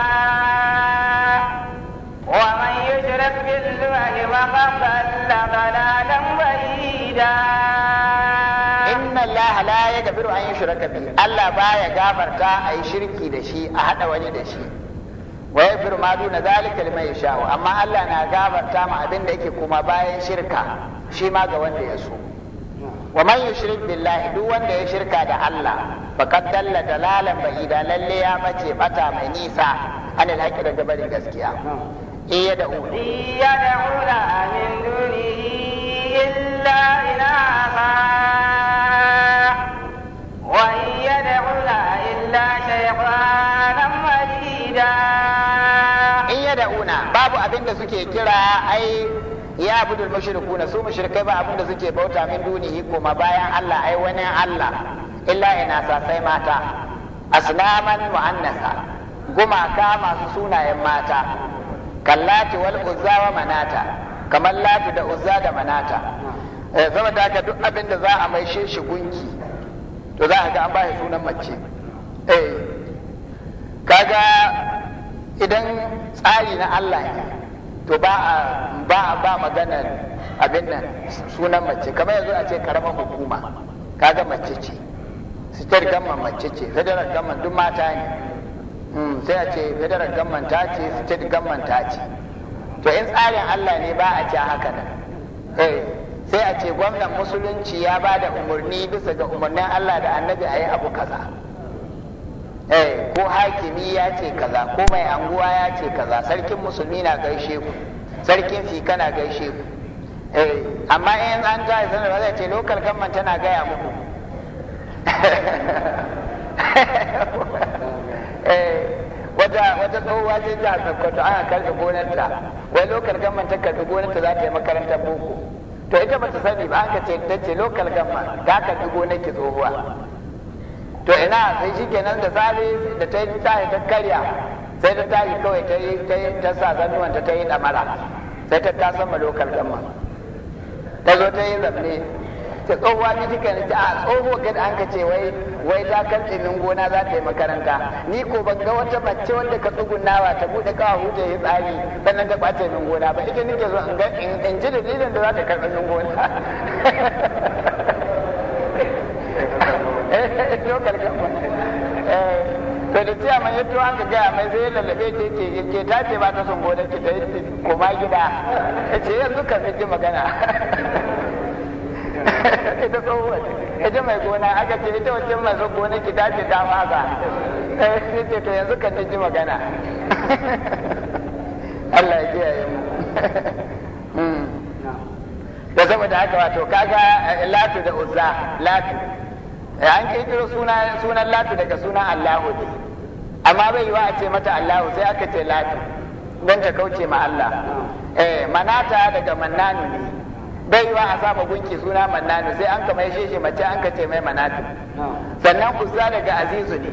wa man yushrik billahi wa qad dalla bayyin inna allaha la yaghfiru an yushraka bi, Allah baya gafarta ayi shirki da shi a hada wani da shi wa yaghfiru ma duna zalika liman yasha amma Allah na gafarta ma abin da yake kuma bayan shirka shi ma ga wanda ya so wa man yushrik billahi duk wanda ya shirka da Allah faqad dalla dalalan ba'ida lalle ya bace bata mai nisa anil haqqi daga barin gaskiya iya eh, da إلا إلها وإن يدعونا إلا شيطانا مريدا إن يدعونا باب أبن سكي كرا أي ya abudul mushrikuna su mushrikai ba abinda suke bauta min dunihi kuma bayan Allah ai Allah illa ina sa sai mata asnaman mu'annasa gumaka masu sunayen mata kallati wal uzza wa manata kamar lati da uzza da manata ta ah. eh, ka duk abin da za a mai shi gunki to za a ga an ba shi sunan mace eh kaga idan tsari na Allah ne to ba a ba ba magana abin nan sunan mace kamar yanzu a ce karamar hukuma kaga mace ce sitar gamman mace ce federal gamman duk mata ne hmm, sai a ce federal gamman ta ce sitar gamman ta ce to in tsarin Allah ne ba a ce haka nan eh, sai a ce gwamnan musulunci ya ba da umarni bisa ga umarnin Allah da annabi a yi abu kaza eh, ko hakimi ya ce kaza ko mai anguwa ya ce kaza sarkin musulmi na gaishe ku sarkin fika na gaishe ku eh, amma in an ta yi sanarwa zai ce lokal kamman tana gaya muku wata wata tsohuwa ce jihar Sokoto ana karɓe gonarta wai lokal gamman ta karɓi gonarta za ta yi makarantar boko to ita ba ta sani ba aka ce ta ce lokal gamman ta karɓi gonar ki tsohuwa to ina sai shi kenan da tsari da ta yi tsari ta karya sai ta tashi kawai ta yi ta sa zanuwan ta yi ɗamara sai ta ta ma lokal gamman ta zo ta yi zamne ta tsohuwa ne ta ne ta a tsoho gada an ka ce wai wai ta kan tsinin gona za ta yi makaranta ni ko ban ga wata mace wanda ka tsugunawa ta bude kawa huta ya tsari sannan ta ɓace min gona ba ita nake zo in ga in ji dalilin da za ta karɓi min gona eh, eh, eh, to da tiya mai yato an ga gaya mai zai lalabe ce ce ke ta ce ba ta son gona ki ta yi koma gida ce yanzu kan ji magana ita tsohuwar ita mai gona aka ce ita wacce masu gona ki dace ta maza eh, sai ce to yanzu kan ji magana Allah ya kiyaye mu hmm. da saboda haka wato kaga eh, latu da uzza latu eh, an kirkiro sunan latu daga sunan Allahu ne amma bai yiwa a ce mata Allahu sai aka ce latu don ta kauce ma Allah eh manata daga mannanu ne bai yiwa a sama gunki suna mannanu sai an kama shi shi mace an ka mai manatu sannan uzza daga azizu ne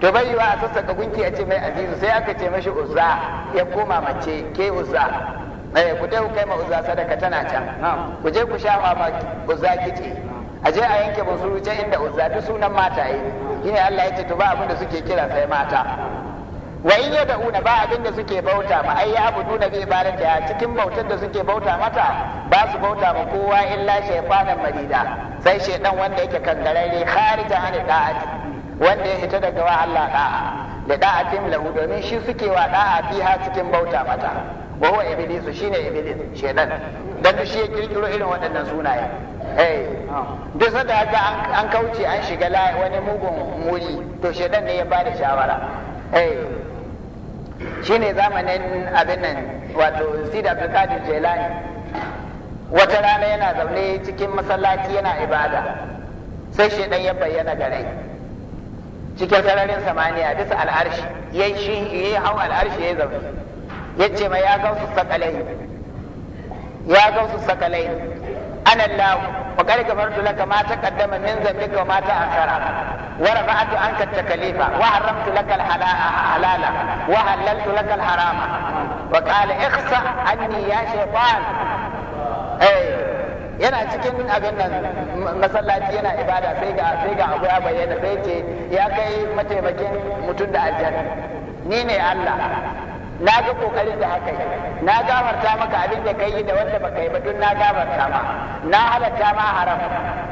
to bai yiwa a sassaka gunki a ce mai azizu sai aka ce mashi uzza ya koma mace ke uzza eh ku dai ku kai ma uzza sadaka tana can ku je ku sha ma uzza kici a je a yanke musu can inda uzza duk sunan mata yi shine Allah ya ce to ba abin da suke kira sai mata wa in ya da'una ba abin da suke bauta ma ai ya abudu na bi ibadati ya cikin bautar da suke bauta mata ba su bauta ma kowa illa shaytanan marida sai shaytan wanda yake garare kharija an da'ati wanda ya hita daga wa Allah da'a da da'atin lahu domin shi suke wa da'a fiha cikin bauta mata wa huwa iblis shine iblis shaytan dan shi ya kirkiro irin waɗannan sunaye eh duk sanda an kauce an shiga wani mugun muri to shaidan ne ya bada shawara eh Shi ne zamanin abin nan wato Sidi Abdulkadir jelani wata rana yana zaune cikin masallaci yana ibada sai shi ɗan ya bayyana gare cikin sararin samaniya bisa al'arshi ya shi ya hau al'arshi ya zaune ce ma ya gausu sakalai ya gausu sakalai ana فقال كفرت لك ما تقدم من ذنبك وما تأخر ورفعت عنك التكليف وحرمت لك الحلال وحللت لك الحرام وقال اخسأ عني يا شيطان أي yana cikin abin nan masallaci yana ibada sai ga sai ga abu ya bayyana sai ce ya kai mataimakin mutum da aljanna ni ne Allah na ga kokarin da aka yi na gafarta maka abin da kai da wanda baka yi ba duk na gafarta ma na halatta ma haram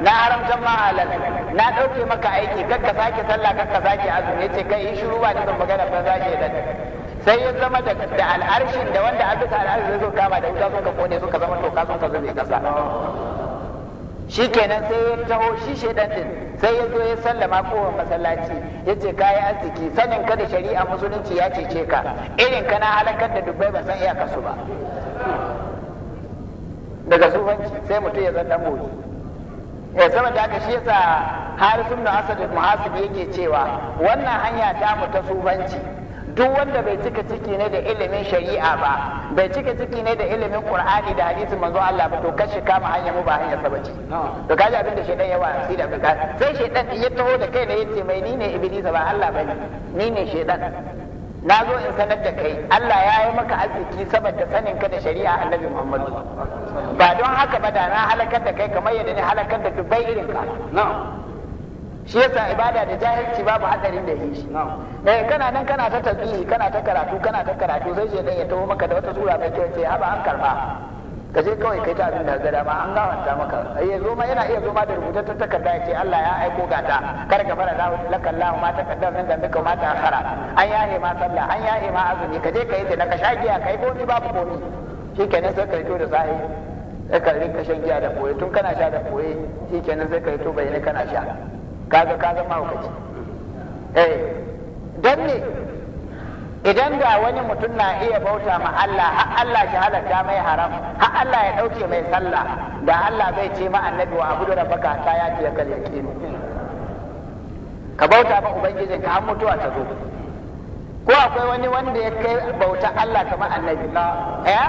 na haramta ma halal na dauke maka aiki kakka sake sallah kakka sake azumi yace kai yi shiru ba da magana ba za ki da sai ya zama da al'arshin da wanda a al'arshin zai zo kama da wuta suka kone suka zama toka sun ka zube kasa shi kenan sai ya taho shi shaidan din sai ya zo ya sallama kowa masallaci ya ce arziki sanin ka da shari'a musulunci ya cece ka irin ka na halakar da dubbai ba san iyaka su ba daga sufanci sai mutum ya zan dan boye eh, ya sama da aka shi yasa harisun na asad yake cewa wannan hanya ta mu ta sufanci duk wanda bai cika ciki ne da ilimin shari'a ba bai cika ciki ne da ilimin qur'ani da hadisi manzo Allah ba to kashi kama hanya mu ba hanya sa bace to kaji abin da shedan yawa sai da ka sai shedan ya taho da kai ne yace mai ni ne iblisa ba Allah bane ni ne shedan na zo in sanar da kai Allah ya yi maka arziki saboda sanin ka da shari'a annabi Muhammadu ba don haka ba da na halakar da kai kamar yadda ne halakar da dubai irin ka shi yasa ibada da jahilci babu hadarin da yi shi eh kana nan kana ta tasbihi kana ta karatu kana ta karatu sai shi ya taho maka da wata sura mai kyau ce haba an karba ka je kawai kai ta abin da ga dama an gawanta maka ai eh, yazo ma yana iya zo ma da ta takarda ya ce Allah ya aiko ga ta kar ka fara lahu laka Allah ma takaddam nan da ka ma ta akhara an yahe ma sallah an yahe ma azumi ka je kai da naka shagiya kai gobi babu gobi shikenan sai ka to da sahi sai ka rinka shan giya da koyi tun kana sha da koyi shikenan sai ka fito bayyana kana sha kaga ka zama hukaci eh don ne idan da wani mutum na iya bauta ma Allah har Allah shi halatta mai haram har Allah ya dauke mai sallah da Allah bai ce ma annabi wa abudu rabbaka ta ya ce kal yaqin ka bauta ma ubangijin ka har mutuwa ta zo ko akwai wani wanda ya kai bauta Allah kamar annabi la eh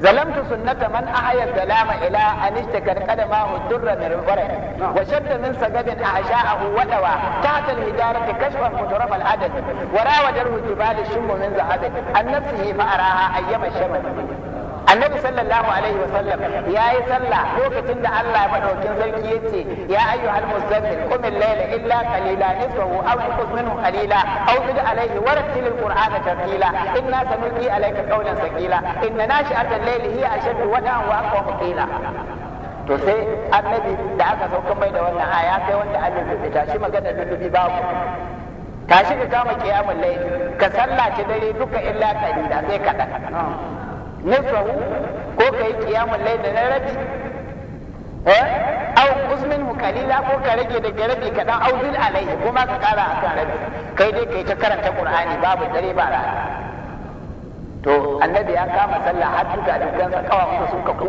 zalamtu sunnata man ahaya salama ila an ishtakar qadamahu durra min al-barak wa shadda min sagadin ahsha'ahu wa dawa tahta al da kashfan mudrab al-adad wa rawajahu jibal ash-shum min an nafsihi fa araha ayyama ash annabi sallallahu alaihi wa sallam ya yi sallah lokacin da Allah ya madaukin sarki ya ce ya ayyuhal muzammil qum al-layla illa qalila nisfahu aw inqus minhu qalila aw zid alaihi wa rattil al-qur'ana tartila inna sanulqi alayka qawlan thaqila inna nashi'at al-layli hiya ashaddu wada'an wa aqwa qila to sai annabi da aka sauka mai da wannan aya kai wanda annabi bai tashi magana da lullubi babu tashi ka kama kiyamul layl ka sallace dare duka illa qalila sai kadan nisfahu ko ka yi kiyamun laili na rabi eh aw usmin qalila ko ka rage da rabi kaɗan aw alaihi kuma ka kara akan rabi kai dai kai ta karanta qur'ani babu dare ba rana to annabi ya kama sallah har duka dukkansa kawawansa suka so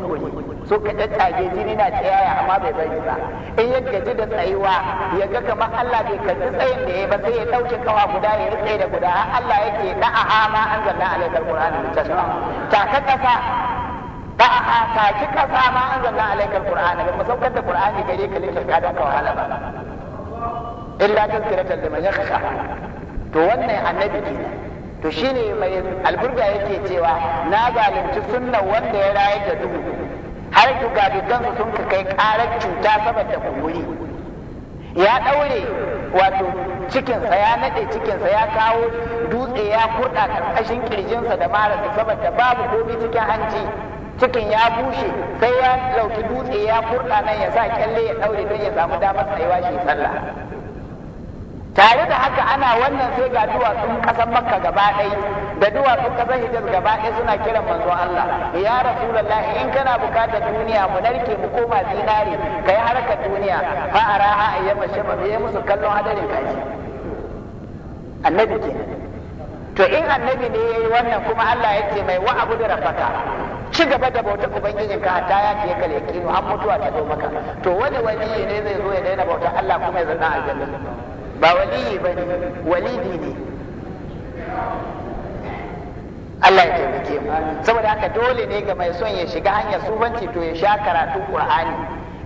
suka tattage jini na tsayaya amma bai bari ba in ya gaji da tsayuwa ya ga kamar Allah bai kalli tsayin da ya ba sai ya dauke kawa guda ya rike da guda har Allah yake da aha ma an zanna alaikal qur'ani mutasma ta ka kasa da aha ta ki kasa ma an zanna alaikal qur'ani ba musaukar da qur'ani gare ka likin ka da ka wahala ba illa tazkiratan liman yakhsha to wannan annabi kenan to shine mai alburga yake cewa na zalunci sunnan wanda ya raye da duhu har dugadugan sun ka kai karar cuta saboda kumburi ya daure wato cikinsa ya nade cikinsa ya kawo dutse ya kurda karkashin sa da marasa saboda babu gobi cikin hanci cikin ya bushe sai ya dauki dutse ya kurda nan ya sa kyalle ya daure don ya samu damar tsayuwa shi sallah tare da haka ana wannan sai ga duwatsun ƙasar makka gaba ɗai da duwatsun ƙasar hijaz gaba ɗai suna kiran manzon Allah ya rasulullahi in kana bukatar duniya mu narke mu koma zinare ka yi harkar duniya fa a araha ayyama shaba ya musu kallon hadarin kaji annabi ke to in annabi ne ya yi wannan kuma Allah ya ce mai wa abu da rafaka ci gaba da bauta ubangijin ka hatta ya ke kale kino an mutuwa ta zo maka to wani wani ne zai zo ya daina bauta Allah kuma ya zanna aljanna ba waliyi ba ne walidi ne Allah ya taimake mu saboda haka dole ne ga mai son ya shiga hanyar sufanci to ya sha karatun Qur'ani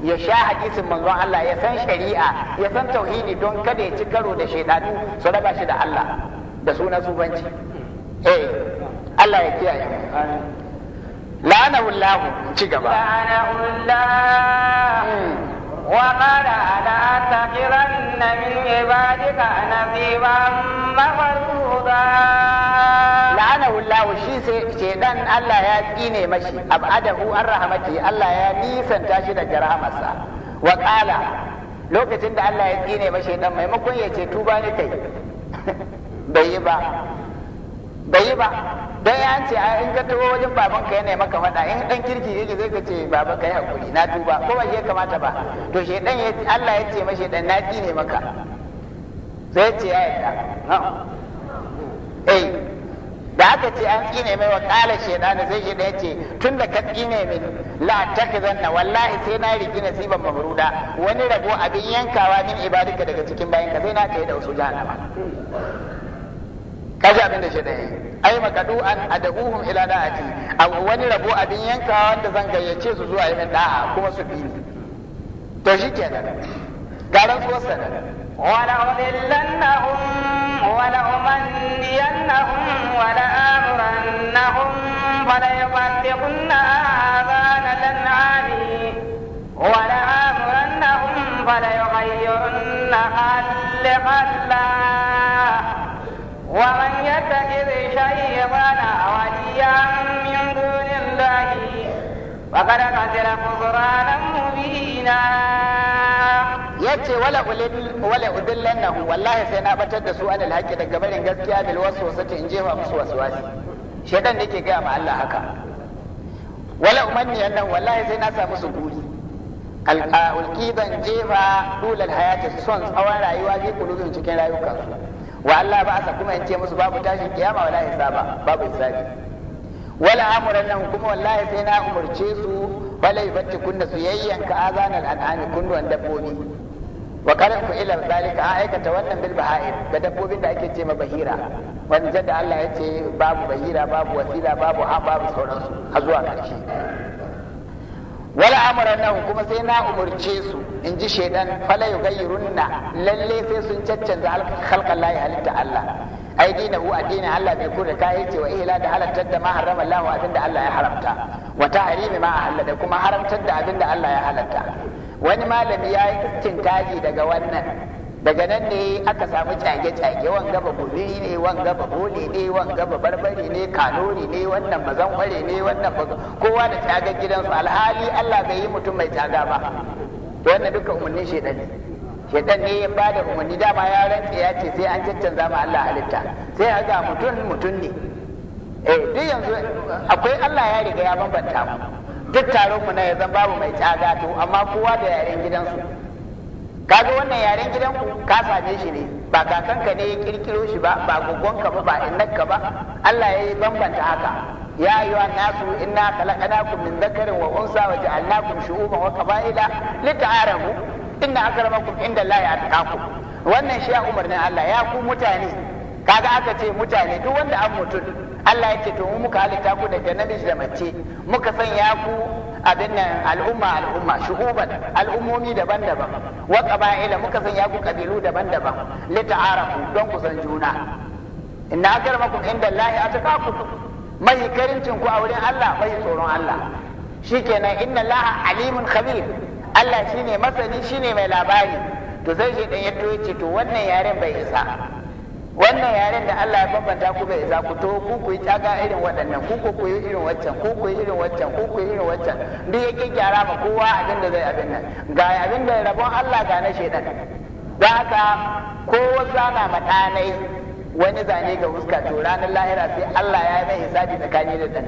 ya sha hadisin manzon Allah ya san shari'a ya san tauhidi don kada ya ci karo da shaidanu su raba shi da Allah da sunan sufanci eh Allah ya kiyaye mu la'anahu Allah ci gaba la'anahu Allah hmm. وقال لا تقرن من عبادك نصيبا مفروضا la'anahu Allah shi sai shedan Allah ya tsine mashi abadahu an rahamati Allah ya nisanta shi da rahamarsa wa lokacin da Allah ya tsine mashi dan maimakon ya ce tuba ne kai bai yi ba bai yi ba don ya ce a in ka wajen baban ka yana maka fada in dan kirki yake zai ka ce baban ka hakuri na tuba ko ba shi kamata ba to shedan ya Allah ya ce ma shedan na ne maka sai ce ya yarda eh da aka ce an kine mai wa kala shedana sai shedan ya ce tun da ka kine mai la takzanna wallahi sai na rigi nasiban mabruda wani rabo abin yankawa min ibadika daga cikin bayanka sai na kai da wasu jahannama kaji abin da shaidan yayi ai makadu an ad'uhum ila da'ati abu wani rabo abin yanka wanda zan gayyace su zuwa yin da'a kuma su bi to shi shikenan garan su wasa da wala udillannahum wala umanniyannahum wala amrannahum fala yuqaddiqunna adana lan'ami wala amrannahum fala yughayyirunna khalqa Allah ومن يتخذ الشيطان وليا من دون الله فقد خسر خسرانا مبينا yace wala ulil wala udillannahu wallahi sai na batar da su anil haqqi daga barin gaskiya bil waswasati in jefa musu waswasi shedan nake ga ma Allah haka wala umanni annahu wallahi sai na sa musu guri alqidan jefa dulal hayati son tsawon rayuwa ji kulubin cikin rayuwar. wa Allah ba asa kuma in ce musu babu tashin kiyama wala hisaba babu hisabi wala amuran nan kuma wallahi sai na umurce su bala yubatti kunna su yayyanka azanal an'ami kunduwan dabbobi wa qala ku ila zalika a aikata wannan bil baha'ir da dabbobin da ake ce ma bahira wanda da Allah ya ce babu bahira babu wasila babu ha babu sauransu har zuwa ƙarshe. wala amara kuma sai na umurce su in ji shaidan fala yughayyirunna lalle sai sun caccanza halkan layi halitta Allah ai dina hu addini Allah bai kura kai ce wa ihla da halattar da ma harrama Allah abinda Allah ya haramta wa tahrimi ma ahalla kuma haramtar da abinda Allah ya halatta wani malami ya yi istintaji daga wannan daga nan ne aka samu cage cage, wan gaba gobiri ne wan gaba boli ne wan gaba barbari ne kanori ne wannan ba ware ne wannan kowa da kyagar gidansu alhali Allah bai yi mutum mai kyaga ba wannan duka umarnin shaidan ne shedan ne ya bada umarni dama ya rantse ya ce sai an caccanza ma Allah halitta sai a ga mutum mutum ne eh duk yanzu akwai Allah ya riga ya bambanta mu duk taron mu na yanzu babu mai kyaga to amma kowa da yaren gidansu kaga wannan yaren gidan ku, ka same shi ne ba kakanka ne ya kirkiro shi ba ba ka ba ba innaka ba Allah ya yi bambanta haka ya yi wa nasu inna khalaqnakum min dhakarin wa unsa wa ja'alnakum shu'uban wa qaba'ila lita'arafu inna akramakum inda Allah ya atqakum wannan shi ya umarnin Allah ya ku mutane kaga aka ce mutane duk wanda an mutum Allah ya ce to mu muka halitta ku daga namiji da mace muka sanya ku abin nan al'umma al'umma shu'uban al'ummomi daban-daban wa qaba'ila muka sanya ku kabilu daban-daban li ta'arafu don ku san juna inna akramakum inda Allahi atqakum mai karincin ku a wurin Allah mai tsoron Allah shikenan inna Allaha alimun khabir Allah shine masani shine mai labari to sai shi dan ya to wannan yaren bai isa wannan yaren da Allah ya bambanta ku bai za ku to ku ku yi taga irin waɗannan ku ku ku yi irin waccan ku ku yi irin waccan ku ku yi irin waccan duk yake gyara ma kowa abin da zai abin nan ga abin da rabon Allah ga na shedan da haka ko zana matanai wani zane ga huska to ranar lahira sai Allah ya yi mai hisabi tsakani da dan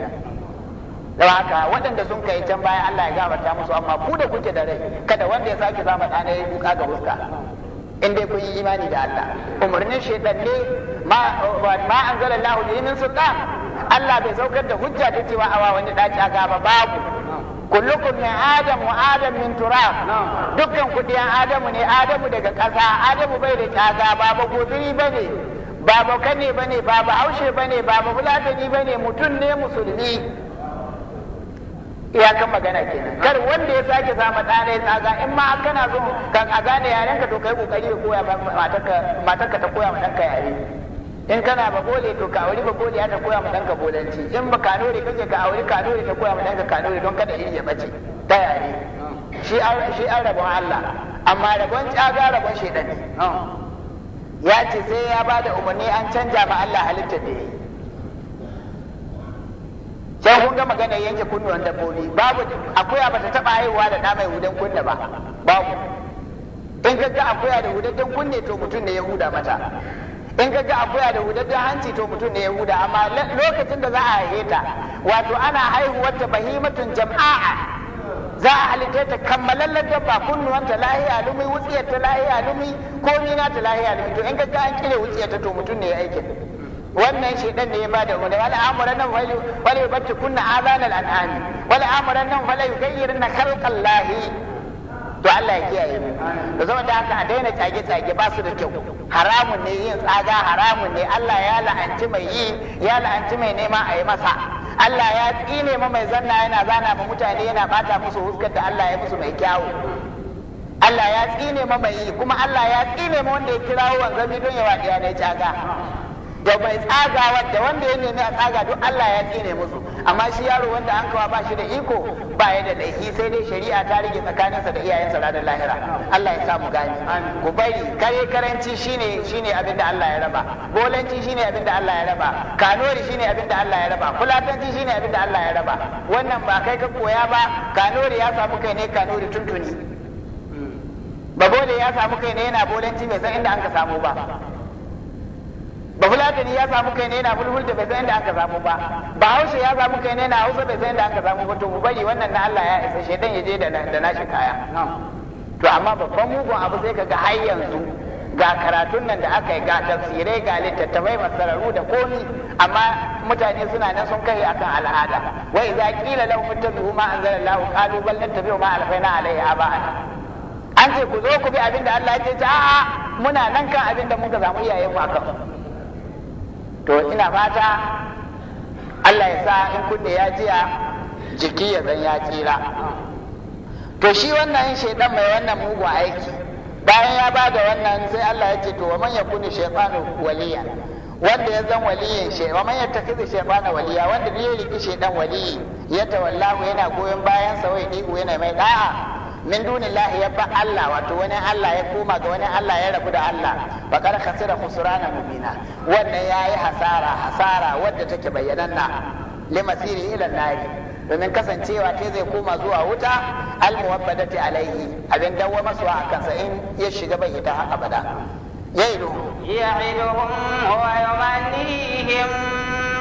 da haka waɗanda sun kai can baya Allah ya gafarta musu amma ku da kuke da rai kada wanda ya sake zama ɗanai duka ga huska in dai kun yi imani da Allah umarnin shaitan ne ma ma anzalallahu bihi min sultan Allah bai saukar da hujja ta cewa awa wani daci aka ba babu kullukum min adam wa adam min turab dukkan ku adamu ne adamu daga ƙasa adamu bai da kaza ba ba gobiri bane ba kane bane ba ba aushe bane babu ba fulatani bane mutum ne musulmi iyakan magana kenan kar wanda ya sake samu ɗana ya tsaga in ma kana zo ka a gane yarenka to kai kokari ya koya matarka matarka ta koya ma ɗanka yare in kana ba gole to ka wuri ba gole ta koya ma ɗanka bolanci in ba kanore kake ka auri kanore ta koya ma ɗanka kanore don kada iri ya bace ta yare shi an shi an rabon Allah amma rabon tsaga rabon shaidan ya ce sai ya bada umarni an canja ma Allah halitta da yi sai kun ga magana yanke kunnuwan dabbobi babu akuya ba ta taba haihuwa da da mai hudan kunne ba babu in ka ga akuya da hudaddan kunne to mutum ne ya huda mata in ka ga akuya da hudaddan hanci to mutum ne ya huda amma lokacin da za a haihe ta wato ana haihuwar ta bahimatun jama'a za a halitta ta kammalallar dabba ta lahiya lumi wutsiyar ta lahiya lumi komi na ta lahiya lumi to in ka ga an kire wutsiyar ta to mutum ne ya aikin wannan shedan ne ya bada umarni wala amara nan wala wala yubatti kunna azanal an'am wala amuran nan wala na khalqallahi to Allah ya kiyaye mu to zama da haka a daina tsage tsage ba su da kyau haramun ne yin tsaga haramun ne Allah ya la'anci mai yi ya la'anci mai nema a yi masa Allah ya tsine ma mai zanna yana zana ma mutane yana bata musu huskar da Allah ya musu mai kyawu Allah ya tsine ma mai yi kuma Allah ya tsine ma wanda ya kirawo wanzami don ya waɗiya ne tsaga da mai tsaga wanda wanda ya nemi a tsaga duk Allah ya tsine musu amma shi yaro wanda an kawa ba shi da iko ba ya da laifi sai dai shari'a ta rige tsakaninsa da iyayensa ranar lahira Allah ya samu gani ku bari kare karanci shine shine abin da Allah ya raba bolanci shine abin da Allah ya raba kanori shine abin da Allah ya raba fulatanci shine abin da Allah ya raba wannan ba kai ka koya ba kanori ya samu kai ne kanori tuntuni babole ya samu kai ne yana bolanci mai san inda an ka samu ba ba ya samu kai ne na bulbul da bai san inda aka samu ba ba hausa ya samu kai ne na hausa bai san inda aka samu ba to mu bari wannan na Allah ya isa shedan ya je da da nashi kaya to amma babban mugun abu sai kaga har yanzu ga karatun nan da aka yi ga tafsirai ga littattafai masararu da komi amma mutane suna nan sun kai akan al'ada Wai idza qila lahu ittabi'u ma anzalallahu qalu bal nattabi'u ma alfaina alayhi aba an ce ku zo ku bi abinda Allah ya ce a'a muna nan kan abinda muka samu iyayen mu akan to ina fata Allah ya sa in kunne ya jiya jiki ya zan ya tsira to shi wannan shaidan mai wannan mugun aiki bayan ya ba da wannan sai Allah ya ce to waman ya kunne shaitanu waliya wanda ya zan waliyin shi man ya takizi waliya wanda bai riki shaidan waliyi ya tawallahu yana goyon bayan sa wai yana mai da'a min dunillahi ya ba Allah wato wani Allah ya koma ga wani Allah ya rabu da Allah ba kar khasira khusrana mubina wannan yayi hasara hasara wadda take bayyananna limasiri ila nari domin kasancewa ke zai koma zuwa wuta al almuwabbadati alaihi abin dawo masuwa a kansa in ya shiga bai ita haka bada ya'iduhum ya'iduhum huwa yumannihim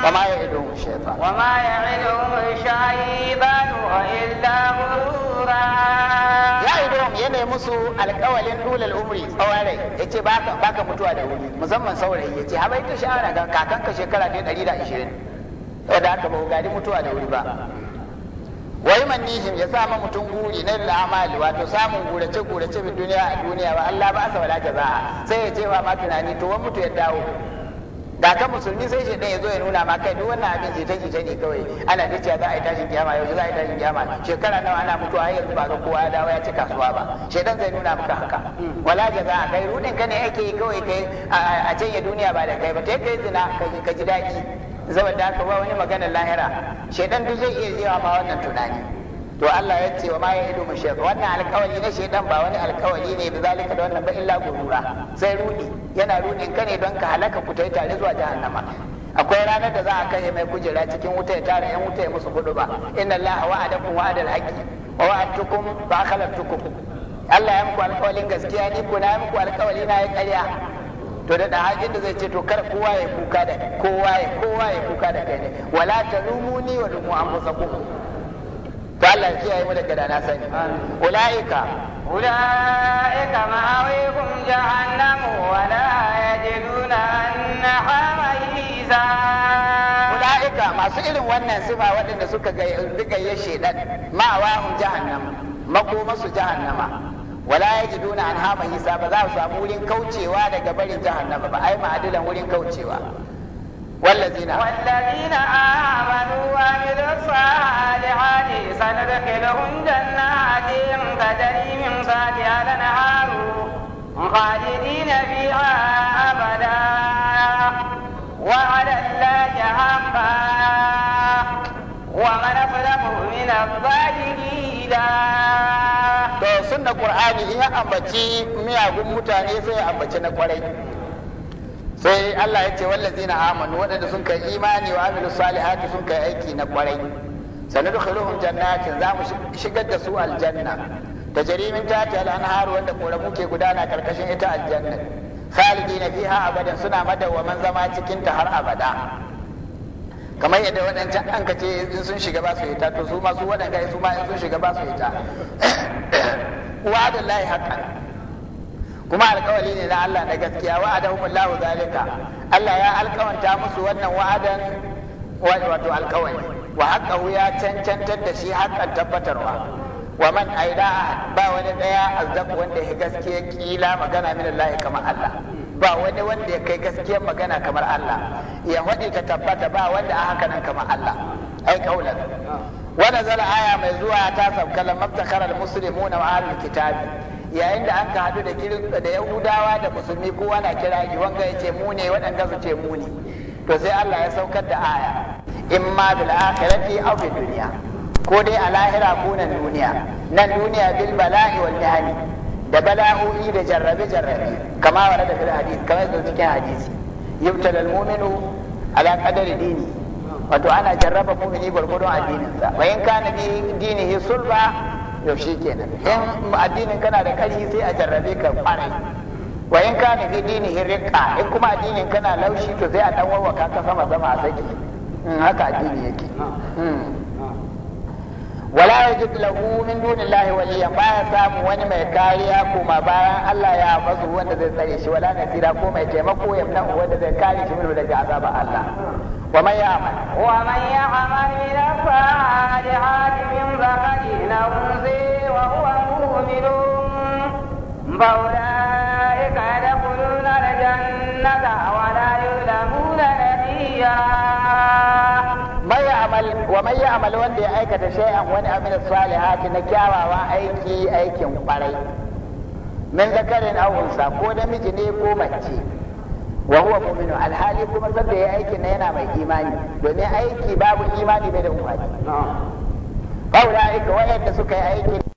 وما يعدهم الشيطان وما يعدهم الشيطان إلا غرورا da ya nemi musu alƙawalin dulal umri tsawon ya ce ba ka mutuwa da wuri musamman saurayi Ya yace habaitu shahara ga kakanka shekara da 120 wadda aka ba gari mutuwa da wuri ba wai manihim ya sama mutum guri na lil amali wato samun gurace gurace bin duniya a duniya ba Allah ba asa wala jaza'a sai ya ce ba ma tunani to wani mutu ya dawo da ka musulmi sai shi ɗaya zo ya nuna ma kai duk wannan abin jita jita ne kawai ana ta cewa za a yi tashin kiyama yau za a yi tashin kiyama shekara nawa ana mutuwa har yanzu ba ga kowa ya dawo ya ci kasuwa ba shedan zai nuna maka haka wala jaza kai rudin ka ne ake yi kawai kai a ya duniya ba da kai ba ta kai zina ka ji daɗi da haka ba wani maganar lahira shedan duk zai iya zewa ma wannan tunani to Allah ya ce wa ma ya ido mu shaytan wannan alkawari na shaytan ba wani alkawari ne da zalika da wannan ba illa gurura sai rudi yana rudin ka ne don ka halaka ku tai tare zuwa jahannama akwai ranar da za a kai mai kujera cikin wuta ya tara yan wuta ya musu hudu ba inna Allah wa'adakum wa'adal haqqi wa wa'adtukum fa akhlaftukum Allah ya muku alkawalin gaskiya ni ku na muku alkawali na ya ƙarya to da da hajin da zai ce to kar kowa ya kuka da kowa ya kowa ya kuka da kai ne wala tazumuni wa lumu anfusakum to Allah ya kiyaye mu daga da na sani ulaika ulaika ma'awikum jahannam wa la yajiduna annaha mayiza ulaika masu irin wannan sifa waɗanda suka ga duka ya shedan ma'awahum jahannam makoma su jahannama wala yajiduna anha mayiza ba za su samu wurin kaucewa daga barin jahannama ba ai ma'adilan wurin kaucewa والذين والذين آمنوا وعملوا الصالحات سندخلهم جنات تجري من تحتها الأنهار خالدين فيها أبدا وعلى الله حقا ومن أظلم من الظالمين to sun da ƙur'ani in ya ambaci miyagun mutane sai ya ambaci na ƙwarai sai Allah ya ce na amanu waɗanda sun kai imani wa amilu salihati sun kai aiki na ƙwarai. da khuluhun jannatin za mu shigar da su aljanna da jarimin tahtiha al wanda koramu ke gudana karkashin ita aljanna khalidina fiha abadan suna madawwaman zama cikin ta har abada kamar yadda waɗancan an ka ce in sun shiga ba su hita to su ma su waɗanda su ma in sun shiga ba su hita wa'adullahi haqqan kuma alkawali ne na Allah na gaskiya wa'adahum Allahu zalika Allah ya alkawanta musu wannan wa'adan wato alkawali wa haka ya cancantar da shi haƙƙan tabbatarwa wa man aida ba wani daya azzaq wanda ya gaskiya kila magana min Allah kamar Allah ba wani wanda ya kai gaskiyar magana kamar Allah ya wadi ta tabbata ba wanda a haka nan kamar Allah ai kaulan wa zala aya mai zuwa ta sabkala mabtakar almuslimuna wa ahlul kitabi yayin da an ka haɗu da kirista da yahudawa da musulmi kowa na kira shi wanga ya ce mu ne waɗanda su ce mu ne to sai Allah ya saukar da aya imma bil akhirati aw bil dunya ko dai a lahira ko nan duniya nan duniya bil bala'i wal nihani da bala'o'i da jarrabe jarrabe kama wala da fil hadisi kama da cikin hadisi yubtala al mu'minu ala qadari dini wato ana jarraba mu'mini gurgurdon addininsa wa in kana bi dinihi sulba yaushe kenan in addinin kana da ƙarfi sai a jarrabe ka kwarai wa in ka nufi dini riqa in kuma addinin kana laushi to a dan warwaka ka sama zama a saki in mm, haka addini yake mm. wala yajid lahu min dunillahi waliyan baya samu wani mai kariya kuma bayan Allah ya fasu wanda zai tsare shi wala nasira ko mai taimako ya wanda zai kare shi daga azabar Allah ومن يعمل ومن يعمل من الصالحات من ذكر أو أنثى وهو مؤمن فأولئك يدخلون الجنة ولا يظلمون نبيا يعمل ومن يعمل وندي أيكة شيئا ونأ من الصالحات نكاوا وأيكي أيكي قريب من ذكر أو أنثى كون مجني كو مجني wa huwa mu'minu alhali kuma sanda ya aikin na yana mai imani domin aiki babu imani bai da umari fa ulaika wa'anda suka yi aikin